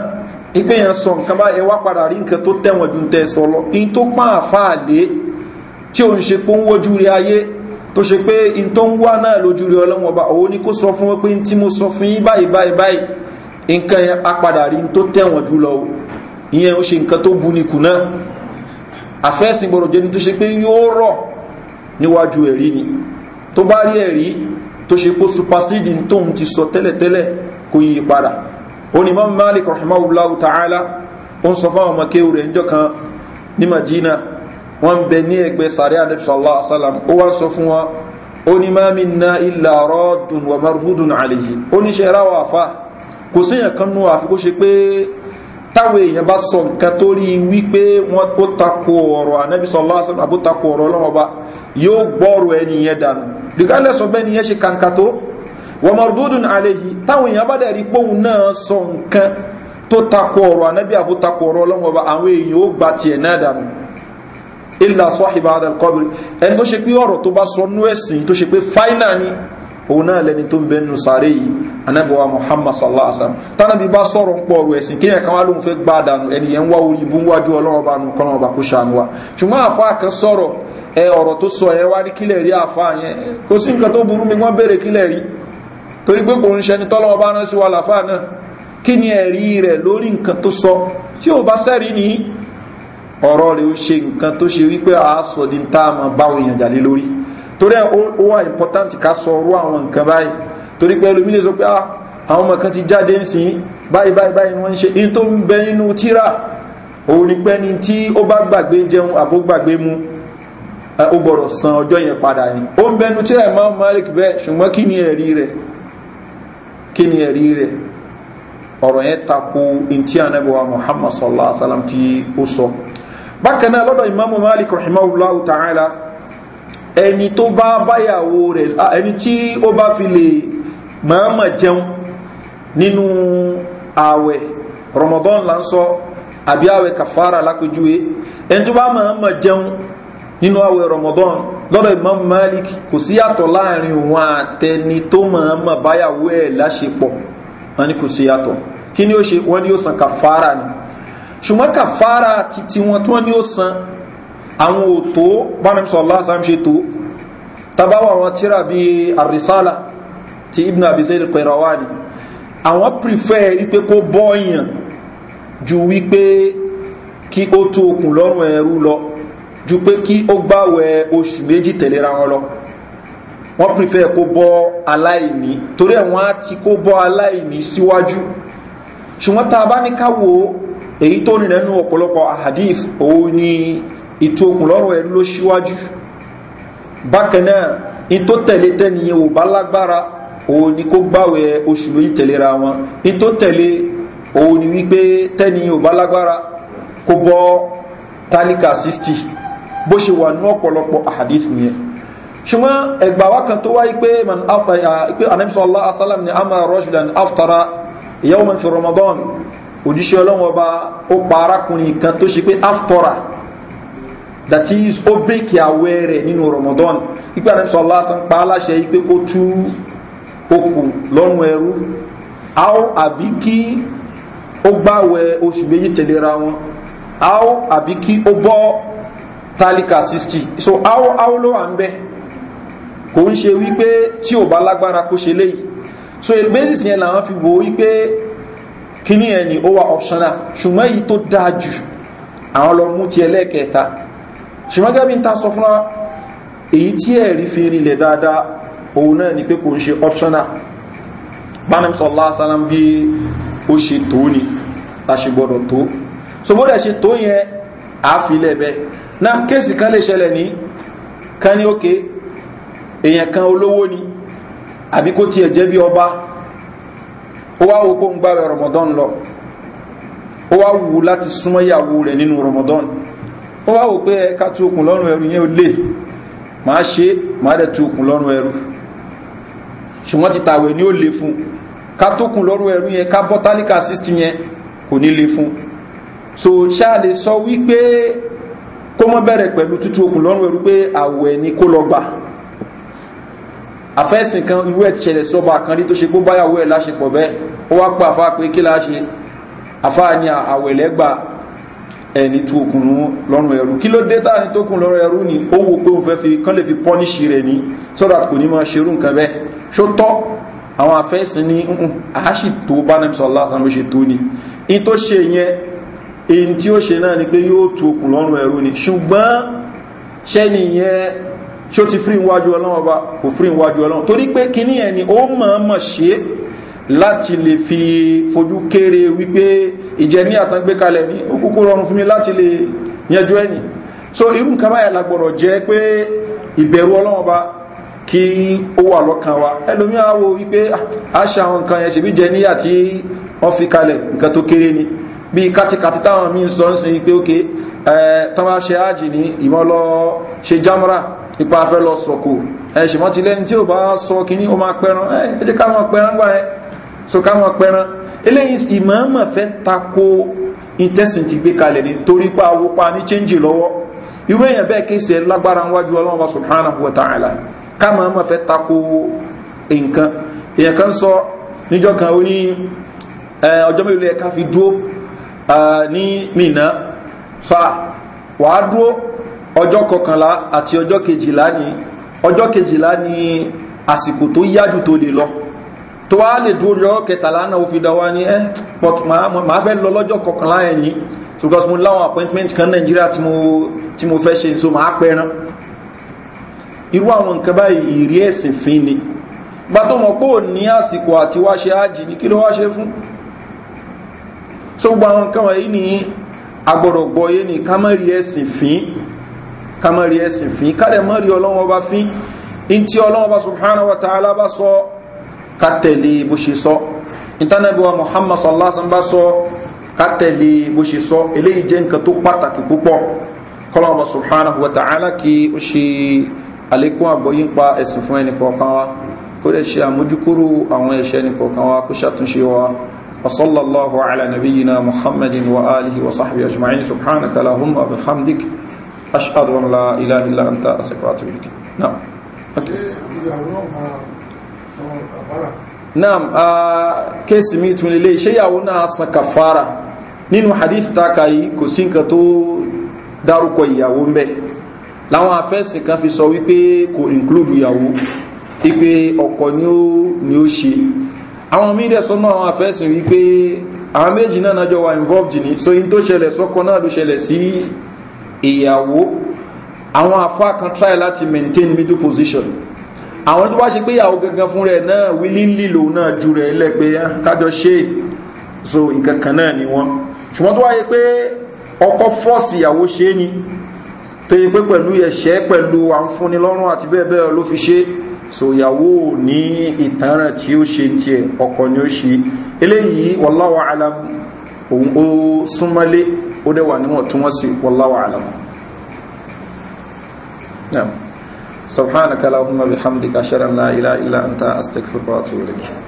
ìpé yẹn sọ nǹkan bá ẹ wá padà rí nǹkan tó tẹ̀wọ̀n ju tẹ̀ sọ lọ in tó pọ́n àfáà lé tí ò ń ṣe pé ń wojú rí ayé tó ṣe pé in tó ń wá náà lójú rí ọlọ́wọ́n ọba òun ni kó sọ fún wọn pé tí mo sọ fún yín báyìí báyìí báyìí nǹkan yẹn apadà rí tó tẹ̀wọ̀n jù lọ ìyẹn ó ṣe nǹkan tó bu ni kù náà àfẹ́sìn gbọ́dọ̀ jẹ́ni tó ṣe pé yóò rọ̀ níwájú ẹ̀rí ni tó bá rí ẹ̀rí tó ṣe kó supasídì tóun ti sọ tẹ́lẹ̀tẹ́lẹ̀ kò yí padà ó ní mọ́mí malik rahimahullahu ta'ala ó ń sọ fáwọn ọmọ kéwù rẹ̀ níjọ́ kan ní madina wọ́n ń bẹ ní ẹgbẹ́ sàrẹ́ adébísọ̀lá asálàm ó wá ń sọ fún wọn ó ní mọ́mí ná ilà rọ́dùn wà marbudun àlèyé ó ní ṣe ra wà fa kò síyàn kan nú àfi kó ṣe pé táwọn èèyàn bá sọ nǹkan tó rí wípé wọ́n ó takò ọ̀rọ̀ adébísọ̀lá asálàm àbó takò ọ̀rọ̀ ọlọ́wọ́ bá yóò gbọ́rọ̀ ẹni yẹn dànù regardless of bẹ́ni yẹn ṣe kàǹkà tó wọ́n mọ̀rọ̀dúdùn alẹ́ yìí táwọn èèyàn bá dẹ̀ rí póun náà sọ nǹkan tó takò ọ̀rọ̀ anábì àbó takò ọ̀rọ̀ ọlọ́wọ́ bá àwọn èèyàn ó gba tiẹ̀ náà dànù ilà sọ́hìbà adàlkọ́bìrì ẹni tó ṣe pé ọ̀rọ̀ tó bá sọ nú ẹ̀sìn tó ṣe pé fáínà ni òun náà lẹni tó ń bẹnu sáré yìí anábíwá muhammad sallallahu alaihi wa sallam tánàbí bá sọ̀rọ̀ ń pọ̀rọ̀ ẹ̀sìn kéèyàn kan wá lóun fẹ́ gbá dànù ẹnìyẹn ń wá orí ibú wájú ọlọ́wọ́ bá nu kọ́nà ọba kó ṣàánú wa ṣùgbọ́n àfa kan sọ̀rọ̀ ẹ ọ̀rọ̀ tó sọ yẹn wá ní kílẹ̀ rí àfa yẹn kò sí nǹkan tó burú mi wọ́n béèrè kílẹ̀ rí torí pé kò ń ṣẹni tọ́lọ́wọ́ bá rán sí wa làfa náà kí ni ẹ̀rí rẹ̀ lórí nǹkan tó sọ tí ò bá sẹ́rí ní ọ̀rọ̀ rẹ̀ ó ṣe nǹkan tó ṣe wípé àásọ̀ tá a máa báwọn èèyàn lórí torí ẹ̀ ó wà important ká sọ ọrú àwọn nǹkan báyìí torí pé ẹlòmí lè sọ pé ah, àwọn ọmọ kan ti jáde ń sìn báyìí báyìí báyìí wọ́n ń ṣe in tó ń bẹ nínú tíra òun ni pé ni tí ó bá gbàgbé jẹun àbó gbàgbé mu ó gbọ́dọ̀ san ọjọ́ yẹn padà ni ó ń bẹnu tíra ẹ̀ máa malik bẹ́ẹ̀ ṣùgbọ́n kí ni ẹ̀rí rẹ̀ kí ni ẹ̀rí rẹ̀ ọ̀rọ̀ yẹn tako ntí anábẹ́wà muhammad sallallahu alaihi wa sallam tí ó sọ bákan náà lọ́dọ̀ ìmáàmù malik rahimahullahu ta'ala ẹni tó bá báyàwó rẹ̀ ẹni tí ó bá fi lè màámà jẹun nínú ààwẹ̀ Ramadan là ń sọ kafara ààwẹ̀ kàfàrà lápẹjúwe ẹni tó bá màámà jẹun Ramadan lọ́dọ̀ Imam Malik kò sí yàtọ̀ láàrin òun àtẹni tó màámà báyàwó ẹ̀ láṣepọ̀ wọn ni kò sí yàtọ̀ kí ni ó ṣe wọn ni ó san kàfàrà ni ṣùgbọ́n kàfàrà titi wọn tí wọ́n ní ó san àwọn ò tó bá nàbísọ̀ lásán ṣe tó tabawa wọn tíra bíi àrísálà ti ibn abizayr Qayrawani àwọn prefer wípé kó bọ́ọ̀yàn ju wípé kí ó tú okùn lọ́rùn ẹrú lọ ju pé kí ó gbàwẹ̀ oṣù méjì tẹ̀léra wọn lọ wọ́n prefer kó bọ́ aláìní torí ẹ̀ wọ́n á ti kó bọ́ aláìní síwájú ṣùgbọ́n tá a bá ní ká wo èyí tó nílẹ̀ nú ọ̀pọ̀lọpọ̀ ahadif òun ni ìtú okùn lọ́rùn ẹrú ló síwájú bákan náà ní tó tẹ̀lé tẹ́niyẹn bá lágbára òun ni kó gbáwẹ̀ oṣù méjì tẹ̀léra wọn ní tó òun ni wípé tẹ́ni ò bá lágbára kó bọ́ tálíkà 60 bó ṣe wà ní ọ̀pọ̀lọpọ̀ àhàdífù yẹn ṣùgbọ́n ẹgbà wá kan tó wáyé pé anamsọ allah asalam ni ama roshulan aftara ìyàwó man fi ramadan òjíṣẹ́ ọlọ́wọ́ bá ó pa arákùnrin kan tó ṣe pé aftara that is ó bèkì àwẹ̀ rẹ̀ nínú ramadan ipe anamsọ allah asan pa aláṣẹ ipe ó tú okù lọ́rùn ẹrú áó àbí kí ó gbáwẹ oṣù méjì tẹ̀lera wọn áó àbí kí ó bọ́ tálíkà 60 so áó áó ló wà ń bẹ́ kò ń ṣe wípé tí ò bá lágbára kó ṣe léyìí so elbezis yẹn làwọn fi wò wípé kíní ẹ̀ ni ó wà optional ṣùgbọ́n èyí tó dáa jù àwọn lọ mú ti ẹlẹ́ẹ̀kẹta ṣùgbọ́n gẹ́gẹ́ bí n ta sọ fún wa èyí tí ẹ̀rí fi rinlẹ̀ dáadáa òun náà ni pé kò ń ṣe optional bánàm sọlá sálám bí ó ṣe tó ni la ṣe gbọdọ̀ tó so bó dẹ̀ ṣe tó yẹn àáfilẹ̀ bẹ́ẹ̀ náà kéèsì kan lè ṣẹlẹ̀ ní kan ní òkè èèyàn kan olówó ni àbí kó tiẹ̀ jẹ́ bí ọba ó wá wo kó ń gbáwẹ̀ rọmọdán lọ ó wá wù láti súnmọ́ ìyàwó rẹ̀ nínú rọmọdán ó wá wò pé ẹ ká tú okùn lọ́rùn ẹrù yẹn ó lè máa ṣe máa dẹ̀ tú okùn lọ́rùn ẹrù ṣùgbọ́n ti tàwẹ̀ ni ó le fún ká tókun lọ́rùn ẹrú yẹn ká bọ́ tálíkà yẹn kò ní le fún so ṣáà lè sọ wípé kó mọ́ bẹ̀rẹ̀ pẹ̀lú tútù okùn lọ́rùn ẹrú pé àwẹ̀ ni kó lọ gbà àfẹ́sìn kan irú ẹ̀ ti ṣẹlẹ̀ sọ́ba kan rí tó ṣe gbó báyàwó ẹ̀ láṣepọ̀ bẹ́ẹ̀ ó wá pa àfáà pé kí láṣe àfáà ni àwẹ̀lẹ́gbà ẹni tó okùn lọ́rùn ẹrú kí ló dé táà ní tó okùn lọ́rùn ẹrú ni ó wo pé òun fẹ́ fi kán lè fi pọ́níṣì rẹ̀ ní sọ́dọ̀ àtìkò ní máa ṣerú nǹkan bẹ́ẹ̀ ṣótọ́ àwọn afẹ́sìn ní àáṣì tó bá nàbí sọ lásán bó ṣe tó ni ito tó ṣe yẹn in tí ó ni pé yóò tu okùn lọ́rùn ẹ̀rú ni ṣùgbọ́n ṣẹ́ni yẹn ṣó ti fírí iwájú ba bá kò fírí iwájú ọlọ́wọ́ torí pé kíní ni ó mọ̀ọ́mọ̀ ṣe é láti lè fi fojú kéré wípé ìjẹ ní àtàgbé kalẹ̀ ní òkúkú rọrùn fún mi láti lè yanjú ẹ̀nì so irú nǹkan báyà la gbọ́dọ̀ jẹ́ pé ìbẹ̀rù ọlọ́wọ́ kí ó wà lọ́kàn wa ẹlòmíà wo wípé àṣà ah, àwọn nǹkan yẹn bí jẹ tí wọ́n fi kalẹ̀ nǹkan tó kéré ni bí kátikàtí táwọn mí sọ ń sin pé ókè tán ṣe ní ìmọ̀ ṣe jámọ́rà ipa afẹ́ lọ sọ̀kò ẹ tí bá sọ kínní ó máa pẹran káwọn pẹran gbà yẹn so káwọn pẹran eléyìí ìmọ̀ọ́mọ̀ fẹ́ tako intestine ti wa subhanahu wa ká máa ma fẹ́ tako nǹkan èèyàn kan sọ níjọ́ kan ó ní ọjọ́ mélòó yẹ ká fi dúró ní Mínà fa wàá dúró ọjọ́ kọkànlá àti ọjọ́ kejìlá ní ọjọ́ kejìlá ní àsìkò tó yájú tó lè lọ tó wá lè dúró ọjọ́ kẹtàlá náà ó fi dá wa ní ẹ́ màá fẹ́ lọ lọ́jọ́ kọkànlá ẹ̀ ní because mo láwọn appointment kan Nàìjíríà tí mo fẹ́ ṣe so màá pẹ́ràn irú àwọn nǹkan báyìí ìrí ẹ̀sìn fín ni gba tó mọ̀ pé ní àsìkò àti wá ṣe ájì ní kí ló wá ṣe fún so gbogbo àwọn nǹkan wọ̀nyí ní agbọ̀rọ̀ gbọ́yé ni ká mọ̀ rí ẹ̀sìn fín ká mọ̀ rí ẹ̀sìn fín ká dẹ̀ mọ̀ rí ọlọ́wọ́ bá fín in tí ọlọ́wọ́ bá subhanahu wa ta'ala bá sọ ká tẹ̀lé bó ṣe sọ ìtànàbí wa muhammad sallallahu alaihi wa sallam bá sọ ká tẹ̀lé bó ṣe sọ eléyìí jẹ́ nǹkan tó pàtàkì púpọ̀ kọ́lọ́wọ́ subhanahu wa ta'ala kí ó ṣe àlékún àgbọ́yí ń pa ẹ̀sìn fún ẹnì kọ̀ọ̀kan wa kó lè ṣe àmójúkúrò àwọn ẹ̀ṣẹ̀ ẹnì kọ̀ọ̀kan wa kó ṣàtúnṣe wa وصلى الله على نبينا محمد وآله وصحبه أجمعين سبحانك اللهم وبحمدك أشهد أن لا إله إلا أنت أستغفرك وأتوب إليك نعم okay. نعم kéèsì mi tún lè ṣéyàwó náà san kàfàrà nínú hadith tá a kà yìí kò sí nǹkan tó dárúkọ ìyàwó làwọn afẹ́sìn kan fi sọ wípé kò include ìyàwó wípé ọkọ ni ó ni ó ṣe àwọn míì dẹ̀ sọ́nà àwọn afẹ́sìn wípé àwọn méjì náà nájọ wà involved ní so in tó ṣẹlẹ̀ sọ́kọ náà ló ṣẹlẹ̀ sí ìyàwó àwọn afá kan try láti maintain middle position àwọn tó bá ṣe pé ìyàwó gangan fún rẹ̀ náà willingly lòun náà ju rẹ̀ lẹ́ pé ah, kájọ ṣe so nǹkan kan náà ni wọ́n ṣùgbọ́n tó wáyé pé ọkọ fọ́ọ̀sì ìyàwó ṣe ni tó yẹ pé pẹ̀lú ẹ̀ṣẹ́ pẹ̀lú àǹfúnni lọ́rùn àti bẹ́ẹ̀ ló fi ṣe so ìyàwó ní ìtanràn tí ó ṣe tiẹ̀ ọkọ ni ó ṣe eléyìí wallahu alam òun ó súnmọ́lé ó dẹ̀ wà níwọ̀ntúnwọ̀nsì wallahu alam subhanaka allahumma bihamdika ashhadu an la ilaha illa anta astaghfiruka wa